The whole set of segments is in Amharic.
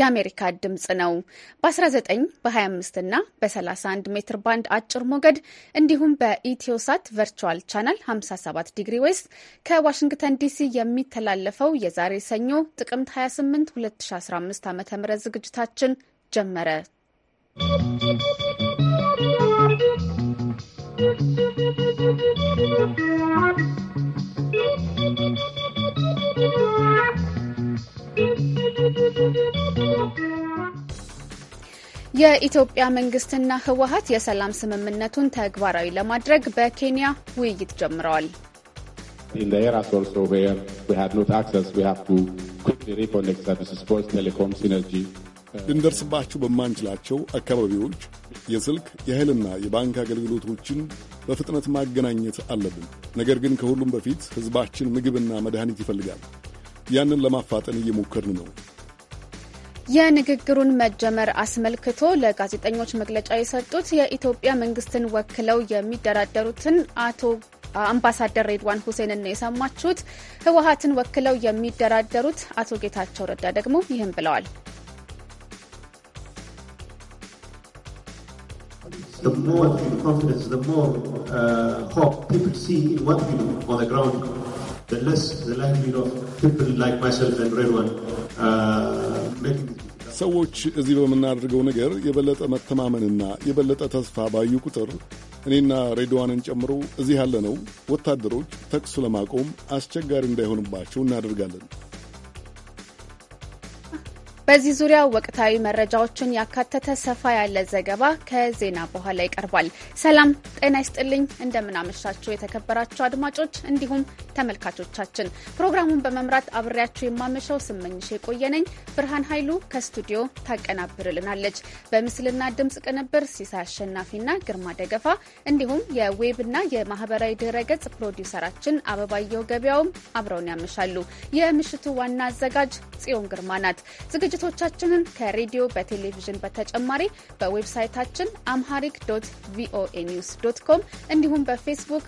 የአሜሪካ ድምፅ ነው። በ19 በ25 እና በ31 ሜትር ባንድ አጭር ሞገድ እንዲሁም በኢትዮሳት ቨርቹዋል ቻናል 57 ዲግሪ ዌስት ከዋሽንግተን ዲሲ የሚተላለፈው የዛሬ ሰኞ ጥቅምት 28 2015 ዓ ም ዝግጅታችን ጀመረ። Thank you. የኢትዮጵያ መንግስትና ህወሀት የሰላም ስምምነቱን ተግባራዊ ለማድረግ በኬንያ ውይይት ጀምረዋል። ልንደርስባቸው በማንችላቸው አካባቢዎች የስልክ የኃይልና የባንክ አገልግሎቶችን በፍጥነት ማገናኘት አለብን። ነገር ግን ከሁሉም በፊት ህዝባችን ምግብና መድኃኒት ይፈልጋል። ያንን ለማፋጠን እየሞከርን ነው። የንግግሩን መጀመር አስመልክቶ ለጋዜጠኞች መግለጫ የሰጡት የኢትዮጵያ መንግስትን ወክለው የሚደራደሩትን አቶ አምባሳደር ሬድዋን ሁሴንን ነው የሰማችሁት። ህወሀትን ወክለው የሚደራደሩት አቶ ጌታቸው ረዳ ደግሞ ይህም ብለዋል። the less the likelihood of people like myself and uh, making ሰዎች እዚህ በምናደርገው ነገር የበለጠ መተማመንና የበለጠ ተስፋ ባዩ ቁጥር እኔና ሬድዋንን ጨምሮ እዚህ ያለነው ወታደሮች ተኩሱ ለማቆም አስቸጋሪ እንዳይሆንባቸው እናደርጋለን። በዚህ ዙሪያ ወቅታዊ መረጃዎችን ያካተተ ሰፋ ያለ ዘገባ ከዜና በኋላ ይቀርባል። ሰላም ጤና ይስጥልኝ። እንደምናመሻችሁ የተከበራችሁ አድማጮች እንዲሁም ተመልካቾቻችን፣ ፕሮግራሙን በመምራት አብሬያችሁ የማመሸው ስመኝሽ የቆየነኝ። ብርሃን ኃይሉ ከስቱዲዮ ታቀናብርልናለች። በምስልና ድምፅ ቅንብር ሲሳይ አሸናፊና ግርማ ደገፋ እንዲሁም የዌብና የማህበራዊ ድረገጽ ፕሮዲውሰራችን አበባየው ገበያውም አብረውን ያመሻሉ። የምሽቱ ዋና አዘጋጅ ጽዮን ግርማ ናት። ዝግጅ ዝግጅቶቻችንን ከሬዲዮ በቴሌቪዥን በተጨማሪ በዌብሳይታችን አምሃሪክ ዶት ቪኦኤ ኒውስ ዶት ኮም እንዲሁም በፌስቡክ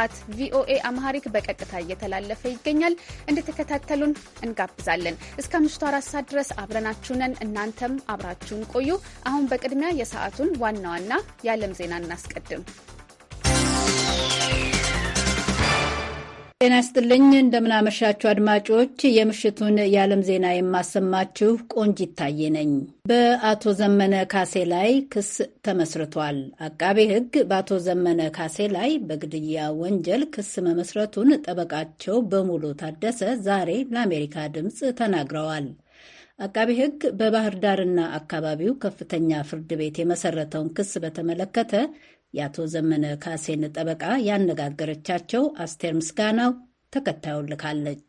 አት ቪኦኤ አምሃሪክ በቀጥታ እየተላለፈ ይገኛል። እንድትከታተሉን እንጋብዛለን። እስከ ምሽቱ አራት ሰዓት ድረስ አብረናችሁ እናንተም አብራችሁን ቆዩ። አሁን በቅድሚያ የሰዓቱን ዋና ዋና የዓለም ዜና እናስቀድም። ጤና ይስጥልኝ እንደምናመሻችሁ አድማጮች፣ የምሽቱን የዓለም ዜና የማሰማችሁ ቆንጅ ይታየ ነኝ። በአቶ ዘመነ ካሴ ላይ ክስ ተመስርቷል። አቃቤ ሕግ በአቶ ዘመነ ካሴ ላይ በግድያ ወንጀል ክስ መመስረቱን ጠበቃቸው በሙሉ ታደሰ ዛሬ ለአሜሪካ ድምፅ ተናግረዋል። አቃቤ ሕግ በባህር ዳርና አካባቢው ከፍተኛ ፍርድ ቤት የመሰረተውን ክስ በተመለከተ የአቶ ዘመነ ካሴን ጠበቃ ያነጋገረቻቸው አስቴር ምስጋናው ተከታዩን ልካለች።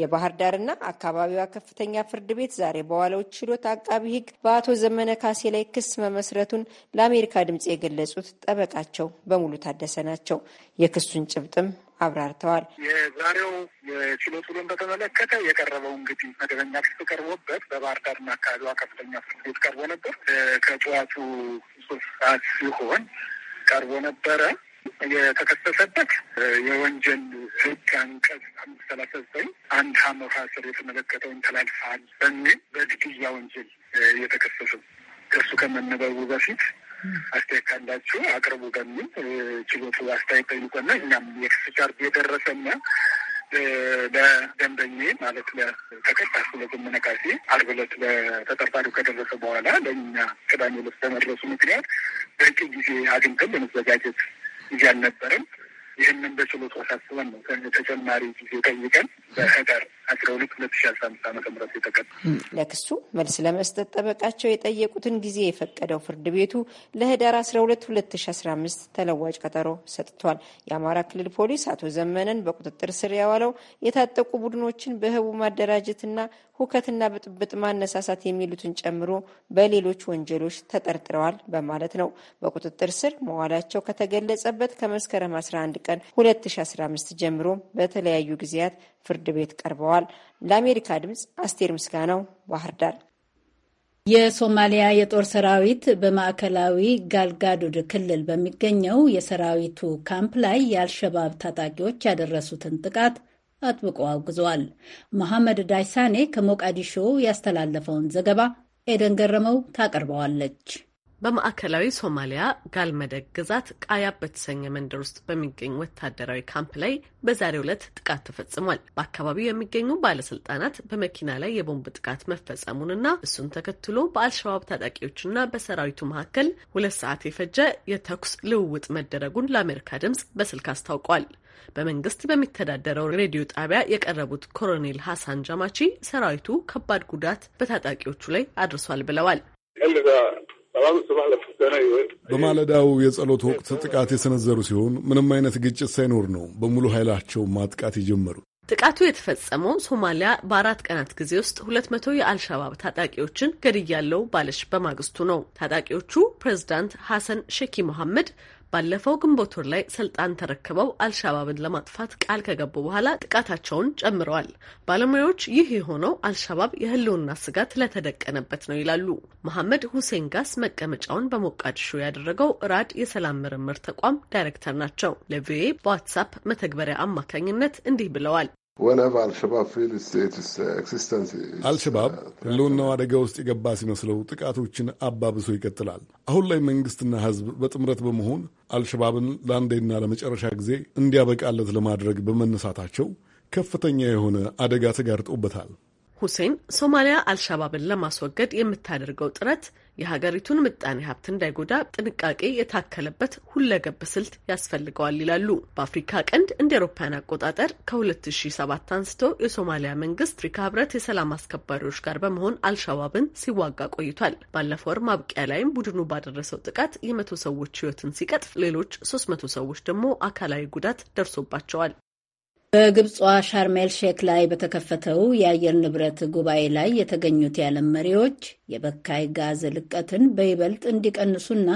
የባህር ዳርና አካባቢዋ ከፍተኛ ፍርድ ቤት ዛሬ በዋለው ችሎት አቃቢ ሕግ በአቶ ዘመነ ካሴ ላይ ክስ መመስረቱን ለአሜሪካ ድምፅ የገለጹት ጠበቃቸው በሙሉ ታደሰ ናቸው። የክሱን ጭብጥም አብራርተዋል። የዛሬው የችሎት ውሎን በተመለከተ የቀረበው እንግዲህ መደበኛ ክስ ቀርቦበት በባህር ዳርና አካባቢዋ ከፍተኛ ፍርድ ቤት ቀርቦ ነበር ከጠዋቱ ሶስት ሰዓት ሲሆን ቀርቦ ነበረ። የተከሰሰበት የወንጀል ህግ አንቀጽ አምስት ሰላሳ ዘጠኝ አንድ ሀመር ስር የተመለከተውን ተላልፈሃል በሚል በግድያ ወንጀል የተከሰሱ ከእሱ ከመነበቡ በፊት አስተያየት ካላችሁ አቅርቡ በሚል ችሎቱ አስተያየት ጠይቆና እኛም የክስ ቻርጅ የደረሰና ለደንበኜ ማለት ለተከሳሹ ለዘመነ ካሴ ዓርብ ዕለት ለተጠርጣሪው ከደረሰ በኋላ ለእኛ ቅዳሜ ዕለት በመድረሱ ምክንያት በቂ ጊዜ አግኝተን ለመዘጋጀት ጊዜ አልነበረም። ይህንን በችሎት አሳስበን ነው ተጨማሪ ጊዜ ጠይቀን በህዳር አስራ ሁለት ሁለት ሺ አስራ አምስት ዓመተ ምህረት የተቀጠ ለክሱ መልስ ለመስጠት ጠበቃቸው የጠየቁትን ጊዜ የፈቀደው ፍርድ ቤቱ ለህዳር አስራ ሁለት ሁለት ሺ አስራ አምስት ተለዋጭ ቀጠሮ ሰጥቷል። የአማራ ክልል ፖሊስ አቶ ዘመነን በቁጥጥር ስር ያዋለው የታጠቁ ቡድኖችን በህቡ ማደራጀትና ሁከትና ብጥብጥ ማነሳሳት የሚሉትን ጨምሮ በሌሎች ወንጀሎች ተጠርጥረዋል በማለት ነው። በቁጥጥር ስር መዋላቸው ከተገለጸበት ከመስከረም 11 ቀን 2015 ጀምሮ በተለያዩ ጊዜያት ፍርድ ቤት ቀርበዋል። ገልጸዋል። ለአሜሪካ ድምፅ አስቴር ምስጋናው ባህር ዳር። የሶማሊያ የጦር ሰራዊት በማዕከላዊ ጋልጋዱድ ክልል በሚገኘው የሰራዊቱ ካምፕ ላይ የአልሸባብ ታጣቂዎች ያደረሱትን ጥቃት አጥብቆ አውግዘዋል። መሐመድ ዳይሳኔ ከሞቃዲሾ ያስተላለፈውን ዘገባ ኤደን ገረመው ታቀርበዋለች። በማዕከላዊ ሶማሊያ ጋልመደግ ግዛት ቃያብ በተሰኘ መንደር ውስጥ በሚገኝ ወታደራዊ ካምፕ ላይ በዛሬው ዕለት ጥቃት ተፈጽሟል። በአካባቢው የሚገኙ ባለስልጣናት በመኪና ላይ የቦምብ ጥቃት መፈጸሙንና እሱን ተከትሎ በአልሸባብ ታጣቂዎችና በሰራዊቱ መካከል ሁለት ሰዓት የፈጀ የተኩስ ልውውጥ መደረጉን ለአሜሪካ ድምጽ በስልክ አስታውቋል። በመንግስት በሚተዳደረው ሬዲዮ ጣቢያ የቀረቡት ኮሎኔል ሐሳን ጃማቺ ሰራዊቱ ከባድ ጉዳት በታጣቂዎቹ ላይ አድርሷል ብለዋል። በማለዳው የጸሎት ወቅት ጥቃት የሰነዘሩ ሲሆን ምንም አይነት ግጭት ሳይኖር ነው በሙሉ ኃይላቸው ማጥቃት የጀመሩ። ጥቃቱ የተፈጸመው ሶማሊያ በአራት ቀናት ጊዜ ውስጥ ሁለት መቶ የአልሻባብ ታጣቂዎችን ገድያለው ባለች በማግስቱ ነው። ታጣቂዎቹ ፕሬዚዳንት ሐሰን ሼኪ መሐመድ ባለፈው ግንቦት ወር ላይ ስልጣን ተረክበው አልሻባብን ለማጥፋት ቃል ከገቡ በኋላ ጥቃታቸውን ጨምረዋል። ባለሙያዎች ይህ የሆነው አልሻባብ የህልውና ስጋት ለተደቀነበት ነው ይላሉ። መሐመድ ሁሴን ጋስ መቀመጫውን በሞቃዲሾ ያደረገው ራድ የሰላም ምርምር ተቋም ዳይሬክተር ናቸው። ለቪኦኤ በዋትሳፕ መተግበሪያ አማካኝነት እንዲህ ብለዋል። አልሸባብ ሕልውናው uh, uh, አደጋ ውስጥ የገባ ሲመስለው ጥቃቶችን አባብሶ ይቀጥላል። አሁን ላይ መንግስትና ህዝብ በጥምረት በመሆን አልሸባብን ለአንዴና ለመጨረሻ ጊዜ እንዲያበቃለት ለማድረግ በመነሳታቸው ከፍተኛ የሆነ አደጋ ተጋርጦበታል። ሁሴን ሶማሊያ አልሸባብን ለማስወገድ የምታደርገው ጥረት የሀገሪቱን ምጣኔ ሀብት እንዳይጎዳ ጥንቃቄ የታከለበት ሁለገብ ስልት ያስፈልገዋል ይላሉ። በአፍሪካ ቀንድ እንደ አውሮፓውያን አቆጣጠር ከ2007 አንስቶ የሶማሊያ መንግስት አፍሪካ ህብረት የሰላም አስከባሪዎች ጋር በመሆን አልሸባብን ሲዋጋ ቆይቷል። ባለፈው ወር ማብቂያ ላይም ቡድኑ ባደረሰው ጥቃት የመቶ ሰዎች ህይወትን ሲቀጥፍ ሌሎች ሶስት መቶ ሰዎች ደግሞ አካላዊ ጉዳት ደርሶባቸዋል። በግብጿ ሻርሜል ሼክ ላይ በተከፈተው የአየር ንብረት ጉባኤ ላይ የተገኙት የዓለም መሪዎች የበካይ ጋዝ ልቀትን በይበልጥ እንዲቀንሱና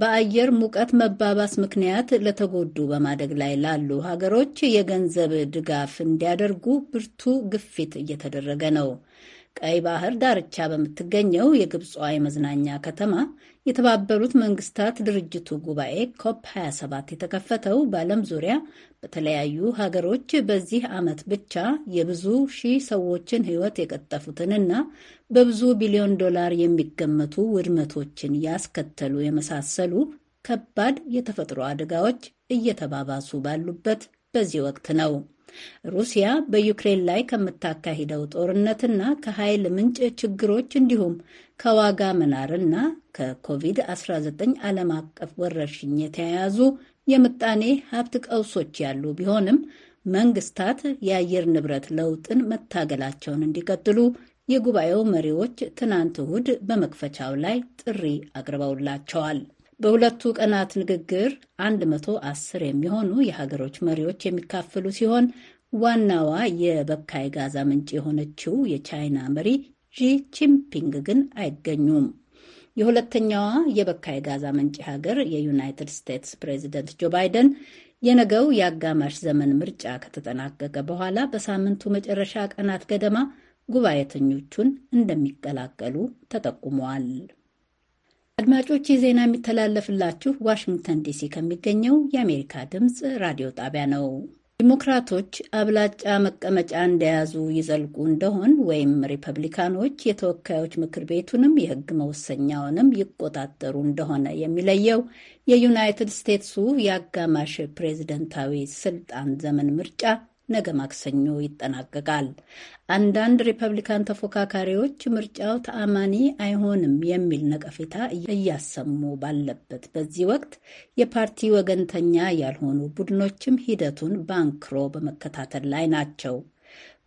በአየር ሙቀት መባባስ ምክንያት ለተጎዱ በማደግ ላይ ላሉ ሀገሮች የገንዘብ ድጋፍ እንዲያደርጉ ብርቱ ግፊት እየተደረገ ነው። ቀይ ባህር ዳርቻ በምትገኘው የግብጿ የመዝናኛ ከተማ የተባበሩት መንግስታት ድርጅቱ ጉባኤ ኮፕ 27 የተከፈተው በዓለም ዙሪያ በተለያዩ ሀገሮች በዚህ ዓመት ብቻ የብዙ ሺህ ሰዎችን ሕይወት የቀጠፉትንና በብዙ ቢሊዮን ዶላር የሚገመቱ ውድመቶችን ያስከተሉ የመሳሰሉ የመሰሉ ከባድ የተፈጥሮ አደጋዎች እየተባባሱ ባሉበት በዚህ ወቅት ነው። ሩሲያ በዩክሬን ላይ ከምታካሂደው ጦርነትና ከኃይል ምንጭ ችግሮች እንዲሁም ከዋጋ መናርና ከኮቪድ-19 ዓለም አቀፍ ወረርሽኝ የተያያዙ የምጣኔ ሀብት ቀውሶች ያሉ ቢሆንም መንግስታት የአየር ንብረት ለውጥን መታገላቸውን እንዲቀጥሉ የጉባኤው መሪዎች ትናንት እሁድ በመክፈቻው ላይ ጥሪ አቅርበውላቸዋል። በሁለቱ ቀናት ንግግር 110 የሚሆኑ የሀገሮች መሪዎች የሚካፈሉ ሲሆን ዋናዋ የበካይ ጋዛ ምንጭ የሆነችው የቻይና መሪ ዢ ጂንፒንግ ግን አይገኙም። የሁለተኛዋ የበካይ ጋዛ ምንጭ ሀገር የዩናይትድ ስቴትስ ፕሬዚደንት ጆ ባይደን የነገው የአጋማሽ ዘመን ምርጫ ከተጠናቀቀ በኋላ በሳምንቱ መጨረሻ ቀናት ገደማ ጉባኤተኞቹን እንደሚቀላቀሉ ተጠቁመዋል። አድማጮች የዜና የሚተላለፍላችሁ ዋሽንግተን ዲሲ ከሚገኘው የአሜሪካ ድምፅ ራዲዮ ጣቢያ ነው። ዲሞክራቶች አብላጫ መቀመጫ እንደያዙ ይዘልቁ እንደሆን ወይም ሪፐብሊካኖች የተወካዮች ምክር ቤቱንም የሕግ መወሰኛውንም ይቆጣጠሩ እንደሆነ የሚለየው የዩናይትድ ስቴትሱ የአጋማሽ ፕሬዝደንታዊ ስልጣን ዘመን ምርጫ ነገ ማክሰኞ ይጠናቀቃል። አንዳንድ ሪፐብሊካን ተፎካካሪዎች ምርጫው ተአማኒ አይሆንም የሚል ነቀፌታ እያሰሙ ባለበት በዚህ ወቅት የፓርቲ ወገንተኛ ያልሆኑ ቡድኖችም ሂደቱን ባንክሮ በመከታተል ላይ ናቸው።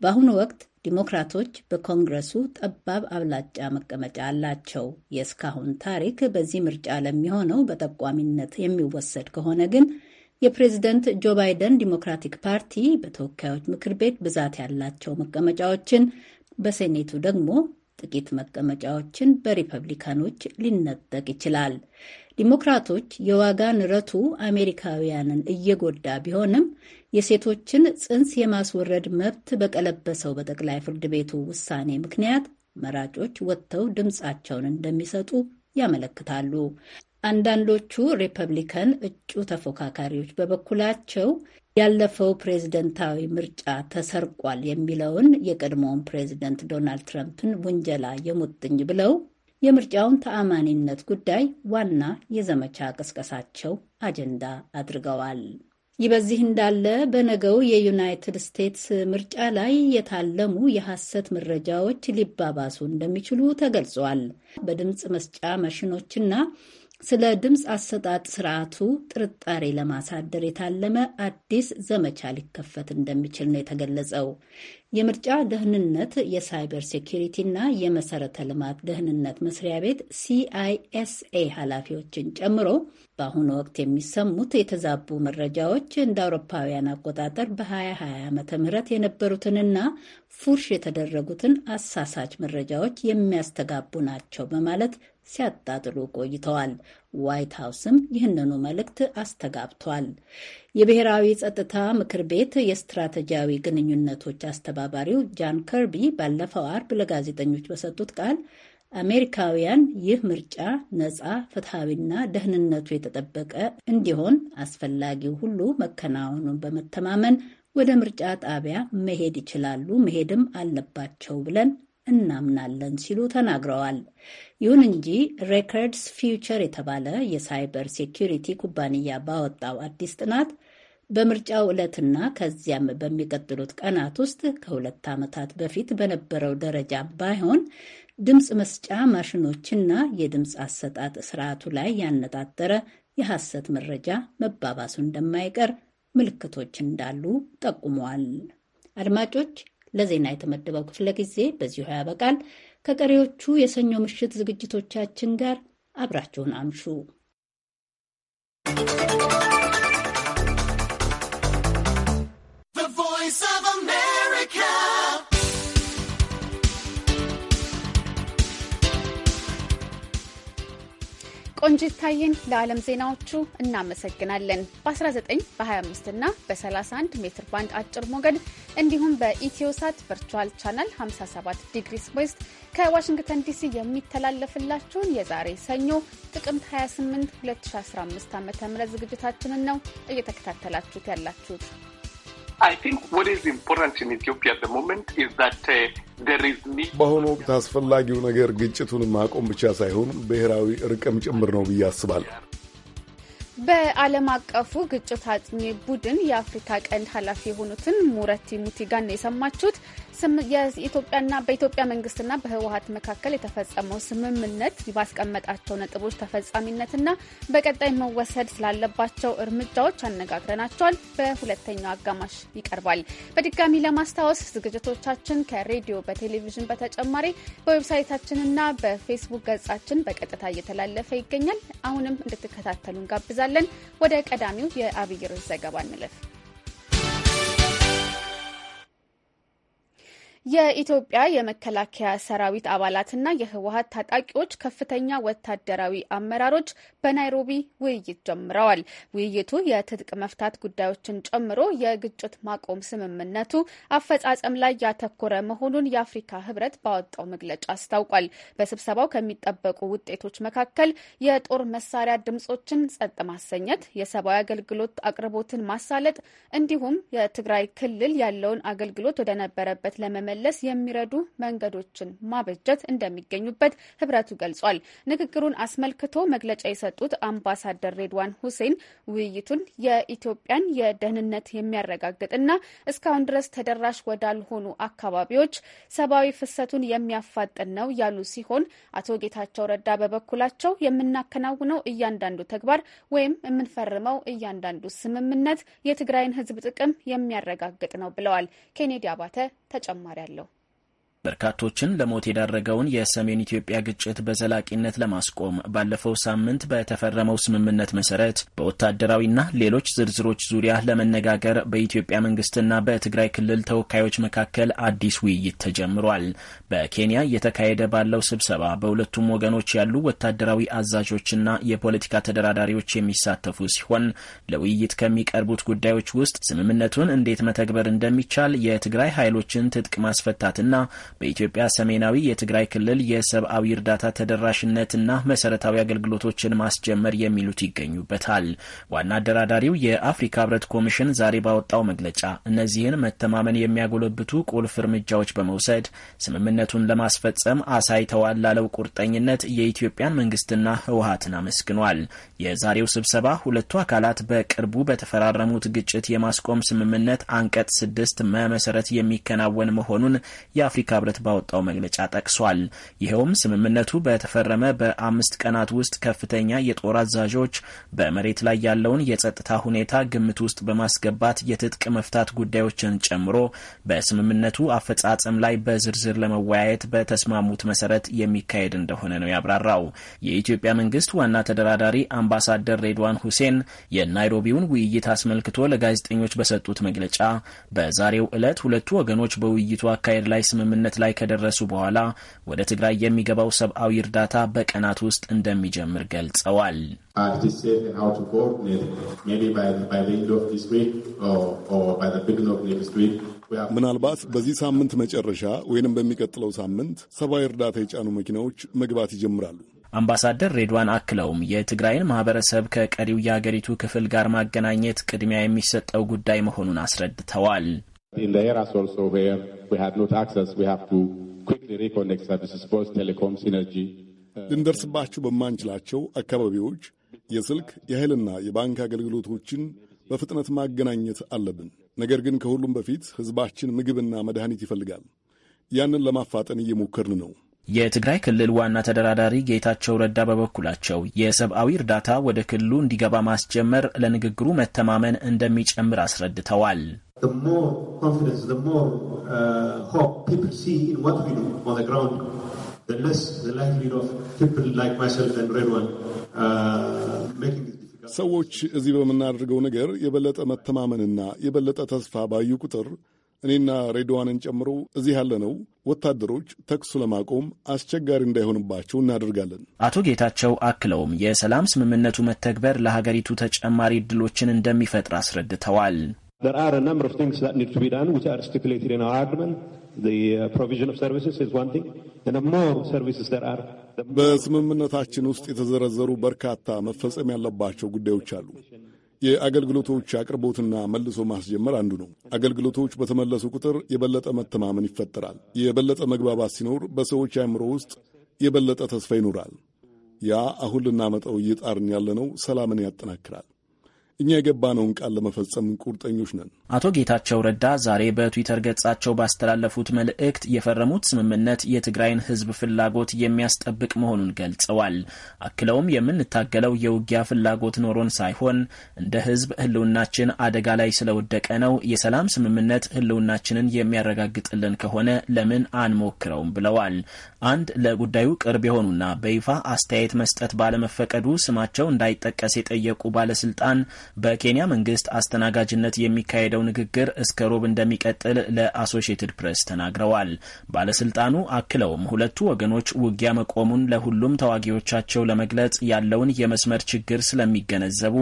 በአሁኑ ወቅት ዲሞክራቶች በኮንግረሱ ጠባብ አብላጫ መቀመጫ አላቸው። የእስካሁን ታሪክ በዚህ ምርጫ ለሚሆነው በጠቋሚነት የሚወሰድ ከሆነ ግን የፕሬዝደንት ጆ ባይደን ዲሞክራቲክ ፓርቲ በተወካዮች ምክር ቤት ብዛት ያላቸው መቀመጫዎችን፣ በሴኔቱ ደግሞ ጥቂት መቀመጫዎችን በሪፐብሊካኖች ሊነጠቅ ይችላል። ዲሞክራቶች የዋጋ ንረቱ አሜሪካውያንን እየጎዳ ቢሆንም የሴቶችን ጽንስ የማስወረድ መብት በቀለበሰው በጠቅላይ ፍርድ ቤቱ ውሳኔ ምክንያት መራጮች ወጥተው ድምፃቸውን እንደሚሰጡ ያመለክታሉ። አንዳንዶቹ ሪፐብሊካን እጩ ተፎካካሪዎች በበኩላቸው ያለፈው ፕሬዝደንታዊ ምርጫ ተሰርቋል የሚለውን የቀድሞውን ፕሬዝደንት ዶናልድ ትራምፕን ውንጀላ የሙጥኝ ብለው የምርጫውን ተአማኒነት ጉዳይ ዋና የዘመቻ ቅስቀሳቸው አጀንዳ አድርገዋል። ይህ በዚህ እንዳለ በነገው የዩናይትድ ስቴትስ ምርጫ ላይ የታለሙ የሐሰት መረጃዎች ሊባባሱ እንደሚችሉ ተገልጿል። በድምፅ መስጫ ማሽኖችና ስለ ድምፅ አሰጣጥ ስርዓቱ ጥርጣሬ ለማሳደር የታለመ አዲስ ዘመቻ ሊከፈት እንደሚችል ነው የተገለጸው። የምርጫ ደህንነት፣ የሳይበር ሴኪሪቲ እና የመሰረተ ልማት ደህንነት መስሪያ ቤት ሲአይኤስኤ ኃላፊዎችን ጨምሮ በአሁኑ ወቅት የሚሰሙት የተዛቡ መረጃዎች እንደ አውሮፓውያን አቆጣጠር በ2020 ም የነበሩትንና ፉርሽ የተደረጉትን አሳሳች መረጃዎች የሚያስተጋቡ ናቸው በማለት ሲያጣጥሉ ቆይተዋል። ዋይት ሀውስም ይህንኑ መልእክት አስተጋብቷል። የብሔራዊ ጸጥታ ምክር ቤት የስትራቴጂያዊ ግንኙነቶች አስተባባሪው ጃን ከርቢ ባለፈው አርብ ለጋዜጠኞች በሰጡት ቃል አሜሪካውያን ይህ ምርጫ ነጻ፣ ፍትሐዊና ደህንነቱ የተጠበቀ እንዲሆን አስፈላጊው ሁሉ መከናወኑን በመተማመን ወደ ምርጫ ጣቢያ መሄድ ይችላሉ፣ መሄድም አለባቸው ብለን እናምናለን ሲሉ ተናግረዋል። ይሁን እንጂ ሬከርድስ ፊውቸር የተባለ የሳይበር ሴኪሪቲ ኩባንያ ባወጣው አዲስ ጥናት በምርጫው ዕለትና ከዚያም በሚቀጥሉት ቀናት ውስጥ ከሁለት ዓመታት በፊት በነበረው ደረጃ ባይሆን ድምፅ መስጫ ማሽኖችና የድምፅ አሰጣጥ ስርዓቱ ላይ ያነጣጠረ የሐሰት መረጃ መባባሱ እንደማይቀር ምልክቶች እንዳሉ ጠቁመዋል። አድማጮች ለዜና የተመደበው ክፍለ ጊዜ በዚሁ ያበቃል። ከቀሪዎቹ የሰኞ ምሽት ዝግጅቶቻችን ጋር አብራችሁን አምሹ። ቆንጂት ታየን ለዓለም ዜናዎቹ እናመሰግናለን። በ19 በ25 እና በ31 ሜትር ባንድ አጭር ሞገድ እንዲሁም በኢትዮሳት ቨርቹዋል ቻናል 57 ዲግሪስ ዌስት ከዋሽንግተን ዲሲ የሚተላለፍላችሁን የዛሬ ሰኞ ጥቅምት 28 2015 ዓ ም ዝግጅታችንን ነው እየተከታተላችሁት ያላችሁት። Uh, በአሁኑ ወቅት አስፈላጊው ነገር ግጭቱን ማቆም ብቻ ሳይሆን ብሔራዊ እርቅም ጭምር ነው ብዬ አስባለሁ። በዓለም አቀፉ ግጭት አጥኚ ቡድን የአፍሪካ ቀንድ ኃላፊ የሆኑትን ሙረቲ ሙቲጋን የሰማችሁት። የኢትዮጵያና በኢትዮጵያ መንግስትና በህወሀት መካከል የተፈጸመው ስምምነት ባስቀመጣቸው ነጥቦች ተፈጻሚነትና በቀጣይ መወሰድ ስላለባቸው እርምጃዎች አነጋግረናቸዋል። በሁለተኛው አጋማሽ ይቀርባል። በድጋሚ ለማስታወስ ዝግጅቶቻችን ከሬዲዮ በቴሌቪዥን በተጨማሪ በዌብሳይታችንና በፌስቡክ ገጻችን በቀጥታ እየተላለፈ ይገኛል። አሁንም እንድትከታተሉ እንጋብዛለን። ወደ ቀዳሚው የአብይሮች ዘገባ እንለፍ። የኢትዮጵያ የመከላከያ ሰራዊት አባላትና የህወሀት ታጣቂዎች ከፍተኛ ወታደራዊ አመራሮች በናይሮቢ ውይይት ጀምረዋል። ውይይቱ የትጥቅ መፍታት ጉዳዮችን ጨምሮ የግጭት ማቆም ስምምነቱ አፈጻጸም ላይ ያተኮረ መሆኑን የአፍሪካ ህብረት ባወጣው መግለጫ አስታውቋል። በስብሰባው ከሚጠበቁ ውጤቶች መካከል የጦር መሳሪያ ድምጾችን ጸጥ ማሰኘት፣ የሰብአዊ አገልግሎት አቅርቦትን ማሳለጥ እንዲሁም የትግራይ ክልል ያለውን አገልግሎት ወደነበረበት ለመመ ለመመለስ የሚረዱ መንገዶችን ማበጀት እንደሚገኙበት ህብረቱ ገልጿል። ንግግሩን አስመልክቶ መግለጫ የሰጡት አምባሳደር ሬድዋን ሁሴን ውይይቱን የኢትዮጵያን የደህንነት የሚያረጋግጥና እስካሁን ድረስ ተደራሽ ወዳልሆኑ አካባቢዎች ሰብአዊ ፍሰቱን የሚያፋጥን ነው ያሉ ሲሆን አቶ ጌታቸው ረዳ በበኩላቸው የምናከናውነው እያንዳንዱ ተግባር ወይም የምንፈርመው እያንዳንዱ ስምምነት የትግራይን ህዝብ ጥቅም የሚያረጋግጥ ነው ብለዋል። ኬኔዲ አባተ ተጨማሪ አለው። በርካቶችን ለሞት የዳረገውን የሰሜን ኢትዮጵያ ግጭት በዘላቂነት ለማስቆም ባለፈው ሳምንት በተፈረመው ስምምነት መሰረት በወታደራዊና ሌሎች ዝርዝሮች ዙሪያ ለመነጋገር በኢትዮጵያ መንግስትና በትግራይ ክልል ተወካዮች መካከል አዲስ ውይይት ተጀምሯል። በኬንያ እየተካሄደ ባለው ስብሰባ በሁለቱም ወገኖች ያሉ ወታደራዊ አዛዦችና የፖለቲካ ተደራዳሪዎች የሚሳተፉ ሲሆን ለውይይት ከሚቀርቡት ጉዳዮች ውስጥ ስምምነቱን እንዴት መተግበር እንደሚቻል፣ የትግራይ ኃይሎችን ትጥቅ ማስፈታትና በኢትዮጵያ ሰሜናዊ የትግራይ ክልል የሰብአዊ እርዳታ ተደራሽነትና መሰረታዊ አገልግሎቶችን ማስጀመር የሚሉት ይገኙበታል። ዋና አደራዳሪው የአፍሪካ ህብረት ኮሚሽን ዛሬ ባወጣው መግለጫ እነዚህን መተማመን የሚያጎለብቱ ቁልፍ እርምጃዎች በመውሰድ ስምምነቱን ለማስፈጸም አሳይተዋል ላለው ቁርጠኝነት የኢትዮጵያን መንግስትና ህወሀትን አመስግኗል። የዛሬው ስብሰባ ሁለቱ አካላት በቅርቡ በተፈራረሙት ግጭት የማስቆም ስምምነት አንቀጽ ስድስት መመሰረት የሚከናወን መሆኑን የአፍሪካ ህብረት እንዳለበት ባወጣው መግለጫ ጠቅሷል። ይኸውም ስምምነቱ በተፈረመ በአምስት ቀናት ውስጥ ከፍተኛ የጦር አዛዦች በመሬት ላይ ያለውን የጸጥታ ሁኔታ ግምት ውስጥ በማስገባት የትጥቅ መፍታት ጉዳዮችን ጨምሮ በስምምነቱ አፈጻጸም ላይ በዝርዝር ለመወያየት በተስማሙት መሰረት የሚካሄድ እንደሆነ ነው ያብራራው። የኢትዮጵያ መንግስት ዋና ተደራዳሪ አምባሳደር ሬድዋን ሁሴን የናይሮቢውን ውይይት አስመልክቶ ለጋዜጠኞች በሰጡት መግለጫ በዛሬው ዕለት ሁለቱ ወገኖች በውይይቱ አካሄድ ላይ ስምምነት ላይ ከደረሱ በኋላ ወደ ትግራይ የሚገባው ሰብአዊ እርዳታ በቀናት ውስጥ እንደሚጀምር ገልጸዋል። ምናልባት በዚህ ሳምንት መጨረሻ ወይንም በሚቀጥለው ሳምንት ሰብአዊ እርዳታ የጫኑ መኪናዎች መግባት ይጀምራሉ። አምባሳደር ሬድዋን አክለውም የትግራይን ማህበረሰብ ከቀሪው የአገሪቱ ክፍል ጋር ማገናኘት ቅድሚያ የሚሰጠው ጉዳይ መሆኑን አስረድተዋል። In the areas also where we had not access, we have to quickly reconnect services, both telecoms, energy. Uh, ልንደርስባቸው በማንችላቸው አካባቢዎች የስልክ የኃይልና የባንክ አገልግሎቶችን በፍጥነት ማገናኘት አለብን። ነገር ግን ከሁሉም በፊት ሕዝባችን ምግብና መድኃኒት ይፈልጋል። ያንን ለማፋጠን እየሞከርን ነው። የትግራይ ክልል ዋና ተደራዳሪ ጌታቸው ረዳ በበኩላቸው የሰብአዊ እርዳታ ወደ ክልሉ እንዲገባ ማስጀመር ለንግግሩ መተማመን እንደሚጨምር አስረድተዋል። the more confidence, the more uh, hope people see in what we do on the ground, the less the likelihood of people like myself and Redwan uh, making it ሰዎች እዚህ በምናደርገው ነገር የበለጠ መተማመንና የበለጠ ተስፋ ባዩ ቁጥር እኔና ሬድዋንን ጨምሮ እዚህ ያለነው ወታደሮች ተኩሱ ለማቆም አስቸጋሪ እንዳይሆንባቸው እናደርጋለን። አቶ ጌታቸው አክለውም የሰላም ስምምነቱ መተግበር ለሀገሪቱ ተጨማሪ እድሎችን እንደሚፈጥር አስረድተዋል። There are a number of things that need to be done, which are stipulated in our argument. The uh, provision of services is one thing, and the more services there are. በስምምነታችን ውስጥ የተዘረዘሩ በርካታ መፈጸም ያለባቸው ጉዳዮች አሉ። የአገልግሎቶች አቅርቦትና መልሶ ማስጀመር አንዱ ነው። አገልግሎቶች በተመለሱ ቁጥር የበለጠ መተማመን ይፈጠራል። የበለጠ መግባባት ሲኖር በሰዎች አእምሮ ውስጥ የበለጠ ተስፋ ይኖራል። ያ አሁን ልናመጣው እየጣርን ያለነው ሰላምን ያጠናክራል። እኛ የገባነውን ቃል ለመፈጸም ቁርጠኞች ነን። አቶ ጌታቸው ረዳ ዛሬ በትዊተር ገጻቸው ባስተላለፉት መልእክት የፈረሙት ስምምነት የትግራይን ሕዝብ ፍላጎት የሚያስጠብቅ መሆኑን ገልጸዋል። አክለውም የምንታገለው የውጊያ ፍላጎት ኖሮን ሳይሆን እንደ ሕዝብ ሕልውናችን አደጋ ላይ ስለወደቀ ነው። የሰላም ስምምነት ሕልውናችንን የሚያረጋግጥልን ከሆነ ለምን አንሞክረውም ብለዋል። አንድ ለጉዳዩ ቅርብ የሆኑና በይፋ አስተያየት መስጠት ባለመፈቀዱ ስማቸው እንዳይጠቀስ የጠየቁ ባለስልጣን በኬንያ መንግስት አስተናጋጅነት የሚካሄደው ንግግር እስከ ሮብ እንደሚቀጥል ለአሶሺየትድ ፕሬስ ተናግረዋል። ባለስልጣኑ አክለውም ሁለቱ ወገኖች ውጊያ መቆሙን ለሁሉም ተዋጊዎቻቸው ለመግለጽ ያለውን የመስመር ችግር ስለሚገነዘቡ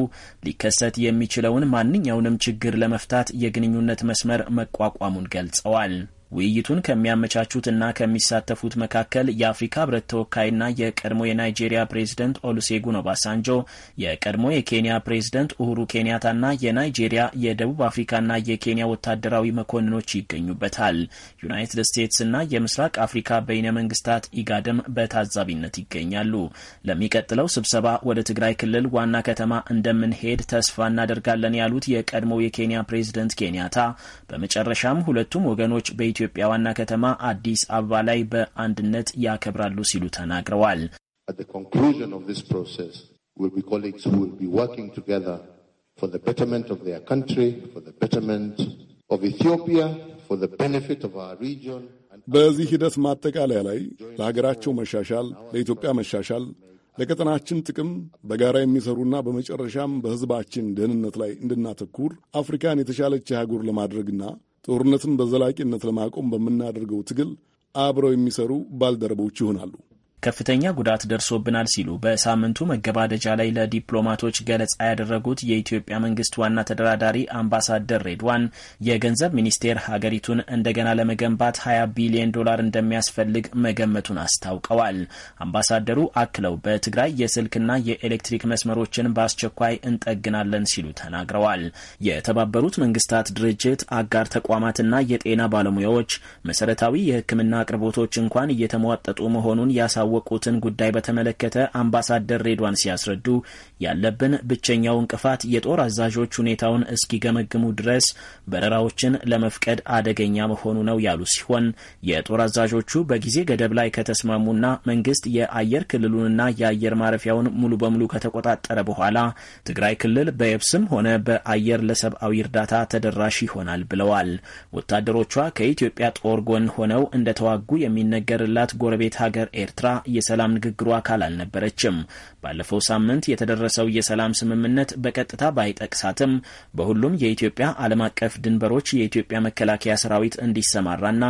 ሊከሰት የሚችለውን ማንኛውንም ችግር ለመፍታት የግንኙነት መስመር መቋቋሙን ገልጸዋል። ውይይቱን ከሚያመቻቹትና ከሚሳተፉት መካከል የአፍሪካ ህብረት ተወካይና የቀድሞ የናይጄሪያ ፕሬዝደንት ኦሉሴጉን ኦባሳንጆ፣ የቀድሞ የኬንያ ፕሬዝደንት ኡሁሩ ኬንያታና የናይጄሪያ የደቡብ አፍሪካና የኬንያ ወታደራዊ መኮንኖች ይገኙበታል። ዩናይትድ ስቴትስና የምስራቅ አፍሪካ በይነ መንግስታት ኢጋድም በታዛቢነት ይገኛሉ። ለሚቀጥለው ስብሰባ ወደ ትግራይ ክልል ዋና ከተማ እንደምንሄድ ተስፋ እናደርጋለን ያሉት የቀድሞ የኬንያ ፕሬዝደንት ኬንያታ በመጨረሻም ሁለቱም ወገኖች በኢትዮ በኢትዮጵያ ዋና ከተማ አዲስ አበባ ላይ በአንድነት ያከብራሉ ሲሉ ተናግረዋል። በዚህ ሂደት ማጠቃለያ ላይ ለሀገራቸው መሻሻል፣ ለኢትዮጵያ መሻሻል፣ ለቀጠናችን ጥቅም በጋራ የሚሰሩና በመጨረሻም በሕዝባችን ደህንነት ላይ እንድናተኩር አፍሪካን የተሻለች አህጉር ለማድረግና ጦርነትን በዘላቂነት ለማቆም በምናደርገው ትግል አብረው የሚሰሩ ባልደረቦች ይሆናሉ። ከፍተኛ ጉዳት ደርሶብናል ሲሉ በሳምንቱ መገባደጃ ላይ ለዲፕሎማቶች ገለጻ ያደረጉት የኢትዮጵያ መንግስት ዋና ተደራዳሪ አምባሳደር ሬድዋን የገንዘብ ሚኒስቴር ሀገሪቱን እንደገና ለመገንባት 20 ቢሊዮን ዶላር እንደሚያስፈልግ መገመቱን አስታውቀዋል። አምባሳደሩ አክለው በትግራይ የስልክና የኤሌክትሪክ መስመሮችን በአስቸኳይ እንጠግናለን ሲሉ ተናግረዋል። የተባበሩት መንግስታት ድርጅት አጋር ተቋማትና የጤና ባለሙያዎች መሰረታዊ የሕክምና አቅርቦቶች እንኳን እየተሟጠጡ መሆኑን ያሳ ያላወቁትን ጉዳይ በተመለከተ አምባሳደር ሬድዋን ሲያስረዱ ያለብን ብቸኛው እንቅፋት የጦር አዛዦች ሁኔታውን እስኪገመግሙ ድረስ በረራዎችን ለመፍቀድ አደገኛ መሆኑ ነው ያሉ ሲሆን የጦር አዛዦቹ በጊዜ ገደብ ላይ ከተስማሙና መንግስት የአየር ክልሉንና የአየር ማረፊያውን ሙሉ በሙሉ ከተቆጣጠረ በኋላ ትግራይ ክልል በየብስም ሆነ በአየር ለሰብአዊ እርዳታ ተደራሽ ይሆናል ብለዋል። ወታደሮቿ ከኢትዮጵያ ጦር ጎን ሆነው እንደተዋጉ የሚነገርላት ጎረቤት ሀገር ኤርትራ የሰላም ንግግሩ አካል አልነበረችም። ባለፈው ሳምንት የተደረሰው የሰላም ስምምነት በቀጥታ ባይጠቅሳትም በሁሉም የኢትዮጵያ ዓለም አቀፍ ድንበሮች የኢትዮጵያ መከላከያ ሰራዊት እንዲሰማራና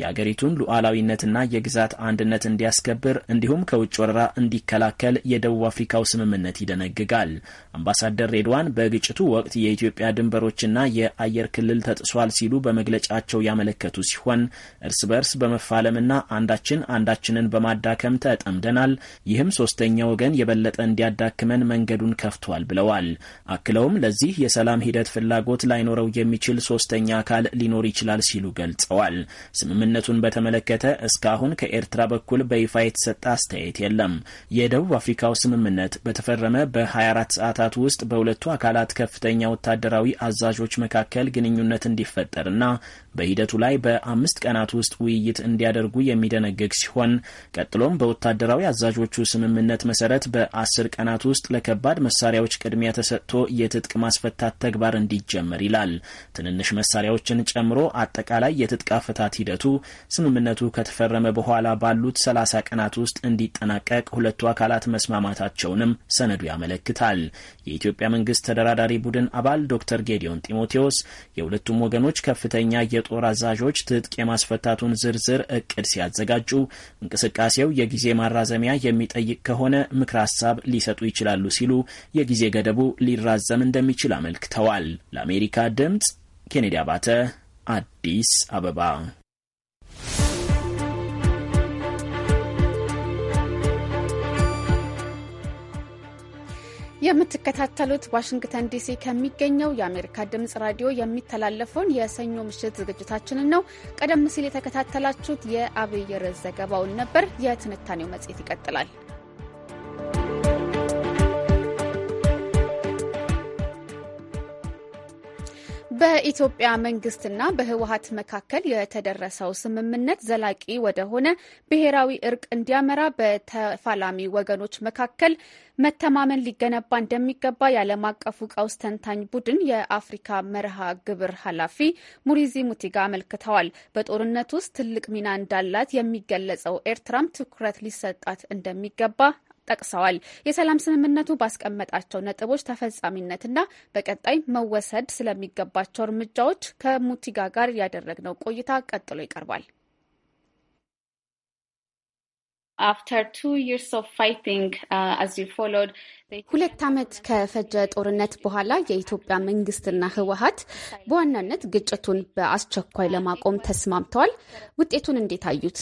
የአገሪቱን ሉዓላዊነትና የግዛት አንድነት እንዲያስከብር እንዲሁም ከውጭ ወረራ እንዲከላከል የደቡብ አፍሪካው ስምምነት ይደነግጋል። አምባሳደር ሬድዋን በግጭቱ ወቅት የኢትዮጵያ ድንበሮችና የአየር ክልል ተጥሷል ሲሉ በመግለጫቸው ያመለከቱ ሲሆን እርስ በርስ በመፋለምና አንዳችን አንዳችንን በማዳከም በመሆኑም ተጠምደናል። ይህም ሶስተኛ ወገን የበለጠ እንዲያዳክመን መንገዱን ከፍቷል ብለዋል። አክለውም ለዚህ የሰላም ሂደት ፍላጎት ላይኖረው የሚችል ሶስተኛ አካል ሊኖር ይችላል ሲሉ ገልጸዋል። ስምምነቱን በተመለከተ እስካሁን ከኤርትራ በኩል በይፋ የተሰጠ አስተያየት የለም። የደቡብ አፍሪካው ስምምነት በተፈረመ በ24 ሰዓታት ውስጥ በሁለቱ አካላት ከፍተኛ ወታደራዊ አዛዦች መካከል ግንኙነት እንዲፈጠርና በሂደቱ ላይ በአምስት ቀናት ውስጥ ውይይት እንዲያደርጉ የሚደነግግ ሲሆን ቀጥሎም በወታደራዊ አዛዦቹ ስምምነት መሰረት በአስር ቀናት ውስጥ ለከባድ መሳሪያዎች ቅድሚያ ተሰጥቶ የትጥቅ ማስፈታት ተግባር እንዲጀመር ይላል። ትንንሽ መሳሪያዎችን ጨምሮ አጠቃላይ የትጥቅ አፈታት ሂደቱ ስምምነቱ ከተፈረመ በኋላ ባሉት ሰላሳ ቀናት ውስጥ እንዲጠናቀቅ ሁለቱ አካላት መስማማታቸውንም ሰነዱ ያመለክታል። የኢትዮጵያ መንግስት ተደራዳሪ ቡድን አባል ዶክተር ጌዲዮን ጢሞቴዎስ የሁለቱም ወገኖች ከፍተኛ የጦር አዛዦች ትጥቅ የማስፈታቱን ዝርዝር እቅድ ሲያዘጋጁ እንቅስቃሴው የጊዜ ማራዘሚያ የሚጠይቅ ከሆነ ምክር ሀሳብ ሊሰጡ ይችላሉ ሲሉ የጊዜ ገደቡ ሊራዘም እንደሚችል አመልክተዋል። ለአሜሪካ ድምፅ ኬኔዲ አባተ አዲስ አበባ የምትከታተሉት ዋሽንግተን ዲሲ ከሚገኘው የአሜሪካ ድምጽ ራዲዮ የሚተላለፈውን የሰኞ ምሽት ዝግጅታችንን ነው። ቀደም ሲል የተከታተላችሁት የአብይ ርዕስ ዘገባውን ነበር። የትንታኔው መጽሔት ይቀጥላል። በኢትዮጵያ መንግስትና በህወሀት መካከል የተደረሰው ስምምነት ዘላቂ ወደሆነ ብሔራዊ እርቅ እንዲያመራ በተፋላሚ ወገኖች መካከል መተማመን ሊገነባ እንደሚገባ የዓለም አቀፉ ቀውስ ተንታኝ ቡድን የአፍሪካ መርሃ ግብር ኃላፊ ሙሪዚ ሙቲጋ አመልክተዋል። በጦርነት ውስጥ ትልቅ ሚና እንዳላት የሚገለጸው ኤርትራም ትኩረት ሊሰጣት እንደሚገባ ጠቅሰዋል። የሰላም ስምምነቱ ባስቀመጣቸው ነጥቦች ተፈጻሚነትና በቀጣይ መወሰድ ስለሚገባቸው እርምጃዎች ከሙቲጋ ጋር ያደረግነው ቆይታ ቀጥሎ ይቀርባል። uh, ሁለት ዓመት ከፈጀ ጦርነት በኋላ የኢትዮጵያ መንግስትና ህወሀት በዋናነት ግጭቱን በአስቸኳይ ለማቆም ተስማምተዋል። ውጤቱን እንዴት አዩት?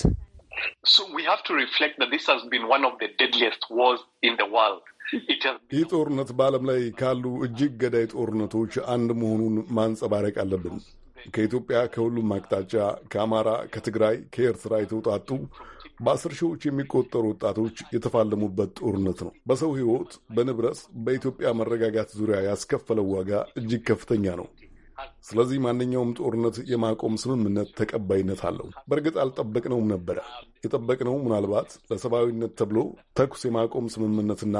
ይህ ጦርነት በዓለም ላይ ካሉ እጅግ ገዳይ ጦርነቶች አንድ መሆኑን ማንጸባረቅ አለብን። ከኢትዮጵያ ከሁሉም አቅጣጫ ከአማራ፣ ከትግራይ፣ ከኤርትራ የተውጣጡ በአስር ሺዎች የሚቆጠሩ ወጣቶች የተፋለሙበት ጦርነት ነው። በሰው ሕይወት፣ በንብረት፣ በኢትዮጵያ መረጋጋት ዙሪያ ያስከፈለው ዋጋ እጅግ ከፍተኛ ነው። ስለዚህ ማንኛውም ጦርነት የማቆም ስምምነት ተቀባይነት አለው። በእርግጥ አልጠበቅነውም ነበረ። የጠበቅነው ምናልባት ለሰብአዊነት ተብሎ ተኩስ የማቆም ስምምነትና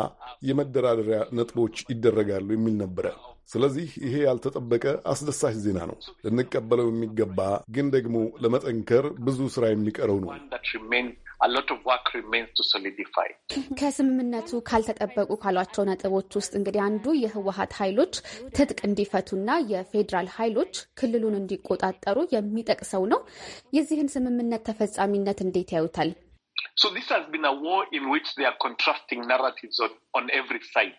የመደራደሪያ ነጥቦች ይደረጋሉ የሚል ነበረ። ስለዚህ ይሄ ያልተጠበቀ አስደሳች ዜና ነው። ልንቀበለው የሚገባ ግን ደግሞ ለመጠንከር ብዙ ስራ የሚቀረው ነው። ከስምምነቱ ካልተጠበቁ ካሏቸው ነጥቦች ውስጥ እንግዲህ አንዱ የህወሀት ኃይሎች ትጥቅ እንዲፈቱና የፌዴራል ኃይሎች ክልሉን እንዲቆጣጠሩ የሚጠቅሰው ነው። የዚህን ስምምነት ተፈጻሚነት እንዴት ያዩታል? So this has been a war in which are contrasting narratives on, on every side.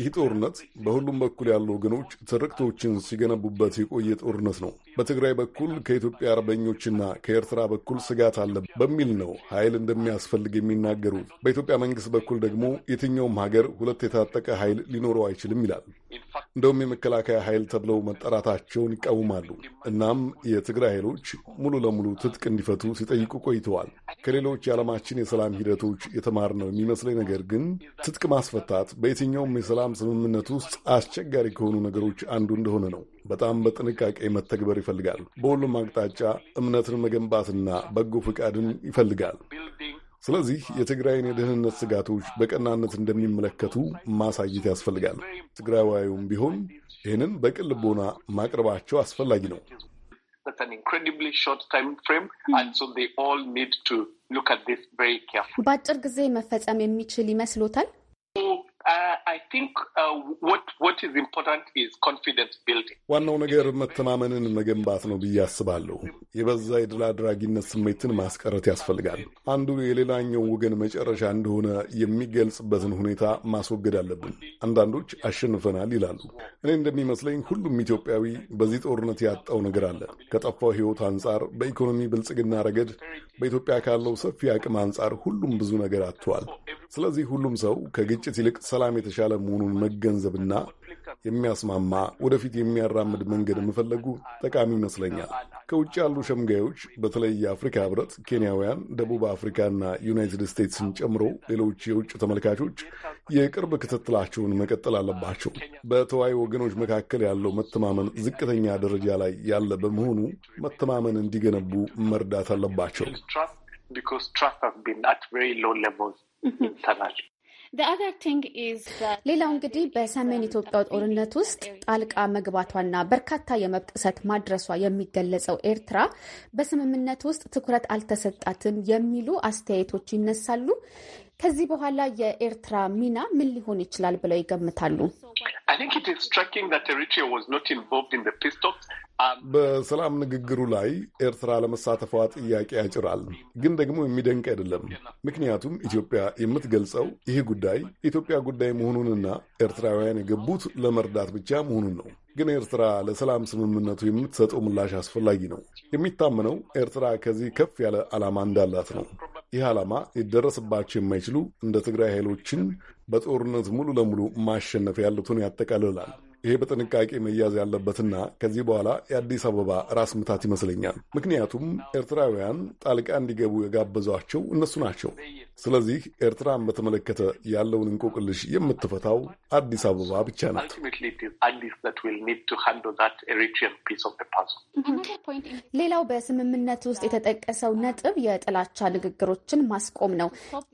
ይህ ጦርነት በሁሉም በኩል ያሉ ወገኖች ትርክቶችን ሲገነቡበት የቆየ ጦርነት ነው። በትግራይ በኩል ከኢትዮጵያ አርበኞችና ከኤርትራ በኩል ስጋት አለ በሚል ነው ኃይል እንደሚያስፈልግ የሚናገሩት። በኢትዮጵያ መንግስት በኩል ደግሞ የትኛውም ሀገር ሁለት የታጠቀ ኃይል ሊኖረው አይችልም ይላል። እንደውም የመከላከያ ኃይል ተብለው መጠራታቸውን ይቃወማሉ። እናም የትግራይ ኃይሎች ሙሉ ለሙሉ ትጥቅ እንዲፈቱ ሲጠይቁ ቆይተዋል። ከሌሎች የዓለማችን የሰላም ሂደቶች የተማርነው የሚመስለኝ ነገር ግን ትጥቅ ማስፈታት በ በየትኛውም የሰላም ስምምነት ውስጥ አስቸጋሪ ከሆኑ ነገሮች አንዱ እንደሆነ ነው። በጣም በጥንቃቄ መተግበር ይፈልጋል። በሁሉም አቅጣጫ እምነትን መገንባትና በጎ ፈቃድን ይፈልጋል። ስለዚህ የትግራይን የደህንነት ስጋቶች በቀናነት እንደሚመለከቱ ማሳየት ያስፈልጋል። ትግራዋዩም ቢሆን ይህንን በቅን ልቦና ማቅረባቸው አስፈላጊ ነው። በአጭር ጊዜ መፈጸም የሚችል ይመስሎታል? Uh, I think uh, what what is important is confidence building. ዋናው ነገር መተማመንን መገንባት ነው ብዬ አስባለሁ። የበዛ የድል አድራጊነት ስሜትን ማስቀረት ያስፈልጋል። አንዱ የሌላኛው ወገን መጨረሻ እንደሆነ የሚገልጽበትን ሁኔታ ማስወገድ አለብን። አንዳንዶች አሸንፈናል ይላሉ። እኔ እንደሚመስለኝ ሁሉም ኢትዮጵያዊ በዚህ ጦርነት ያጣው ነገር አለ። ከጠፋው ሕይወት አንጻር፣ በኢኮኖሚ ብልጽግና ረገድ፣ በኢትዮጵያ ካለው ሰፊ አቅም አንጻር ሁሉም ብዙ ነገር አጥተዋል። ስለዚህ ሁሉም ሰው ከግጭት ይልቅ ሰላም የተሻለ መሆኑን መገንዘብና የሚያስማማ ወደፊት የሚያራምድ መንገድ መፈለጉ ጠቃሚ ይመስለኛል። ከውጭ ያሉ ሸምጋዮች በተለይ የአፍሪካ ህብረት፣ ኬንያውያን፣ ደቡብ አፍሪካና ዩናይትድ ስቴትስን ጨምሮ ሌሎች የውጭ ተመልካቾች የቅርብ ክትትላቸውን መቀጠል አለባቸው። በተዋይ ወገኖች መካከል ያለው መተማመን ዝቅተኛ ደረጃ ላይ ያለ በመሆኑ መተማመን እንዲገነቡ መርዳት አለባቸው። because trust has been at very low levels Mm-hmm. ሌላው እንግዲህ በሰሜን ኢትዮጵያ ጦርነት ውስጥ ጣልቃ መግባቷና በርካታ የመብት ጥሰት ማድረሷ የሚገለጸው ኤርትራ በስምምነት ውስጥ ትኩረት አልተሰጣትም የሚሉ አስተያየቶች ይነሳሉ። ከዚህ በኋላ የኤርትራ ሚና ምን ሊሆን ይችላል ብለው ይገምታሉ? Um, በሰላም ንግግሩ ላይ ኤርትራ ለመሳተፏ ጥያቄ ያጭራል። ግን ደግሞ የሚደንቅ አይደለም። ምክንያቱም ኢትዮጵያ የምትገልጸው ይህ ጉዳይ የኢትዮጵያ ጉዳይ መሆኑንና ኤርትራውያን የገቡት ለመርዳት ብቻ መሆኑን ነው። ግን ኤርትራ ለሰላም ስምምነቱ የምትሰጠው ምላሽ አስፈላጊ ነው። የሚታመነው ኤርትራ ከዚህ ከፍ ያለ ዓላማ እንዳላት ነው። ይህ ዓላማ ሊደረስባቸው የማይችሉ እንደ ትግራይ ኃይሎችን በጦርነት ሙሉ ለሙሉ ማሸነፍ ያሉትን ያጠቃልላል። ይሄ በጥንቃቄ መያዝ ያለበትና ከዚህ በኋላ የአዲስ አበባ ራስ ምታት ይመስለኛል። ምክንያቱም ኤርትራውያን ጣልቃ እንዲገቡ የጋበዟቸው እነሱ ናቸው። ስለዚህ ኤርትራን በተመለከተ ያለውን እንቆቅልሽ የምትፈታው አዲስ አበባ ብቻ ናት። ሌላው በስምምነት ውስጥ የተጠቀሰው ነጥብ የጥላቻ ንግግሮችን ማስቆም ነው።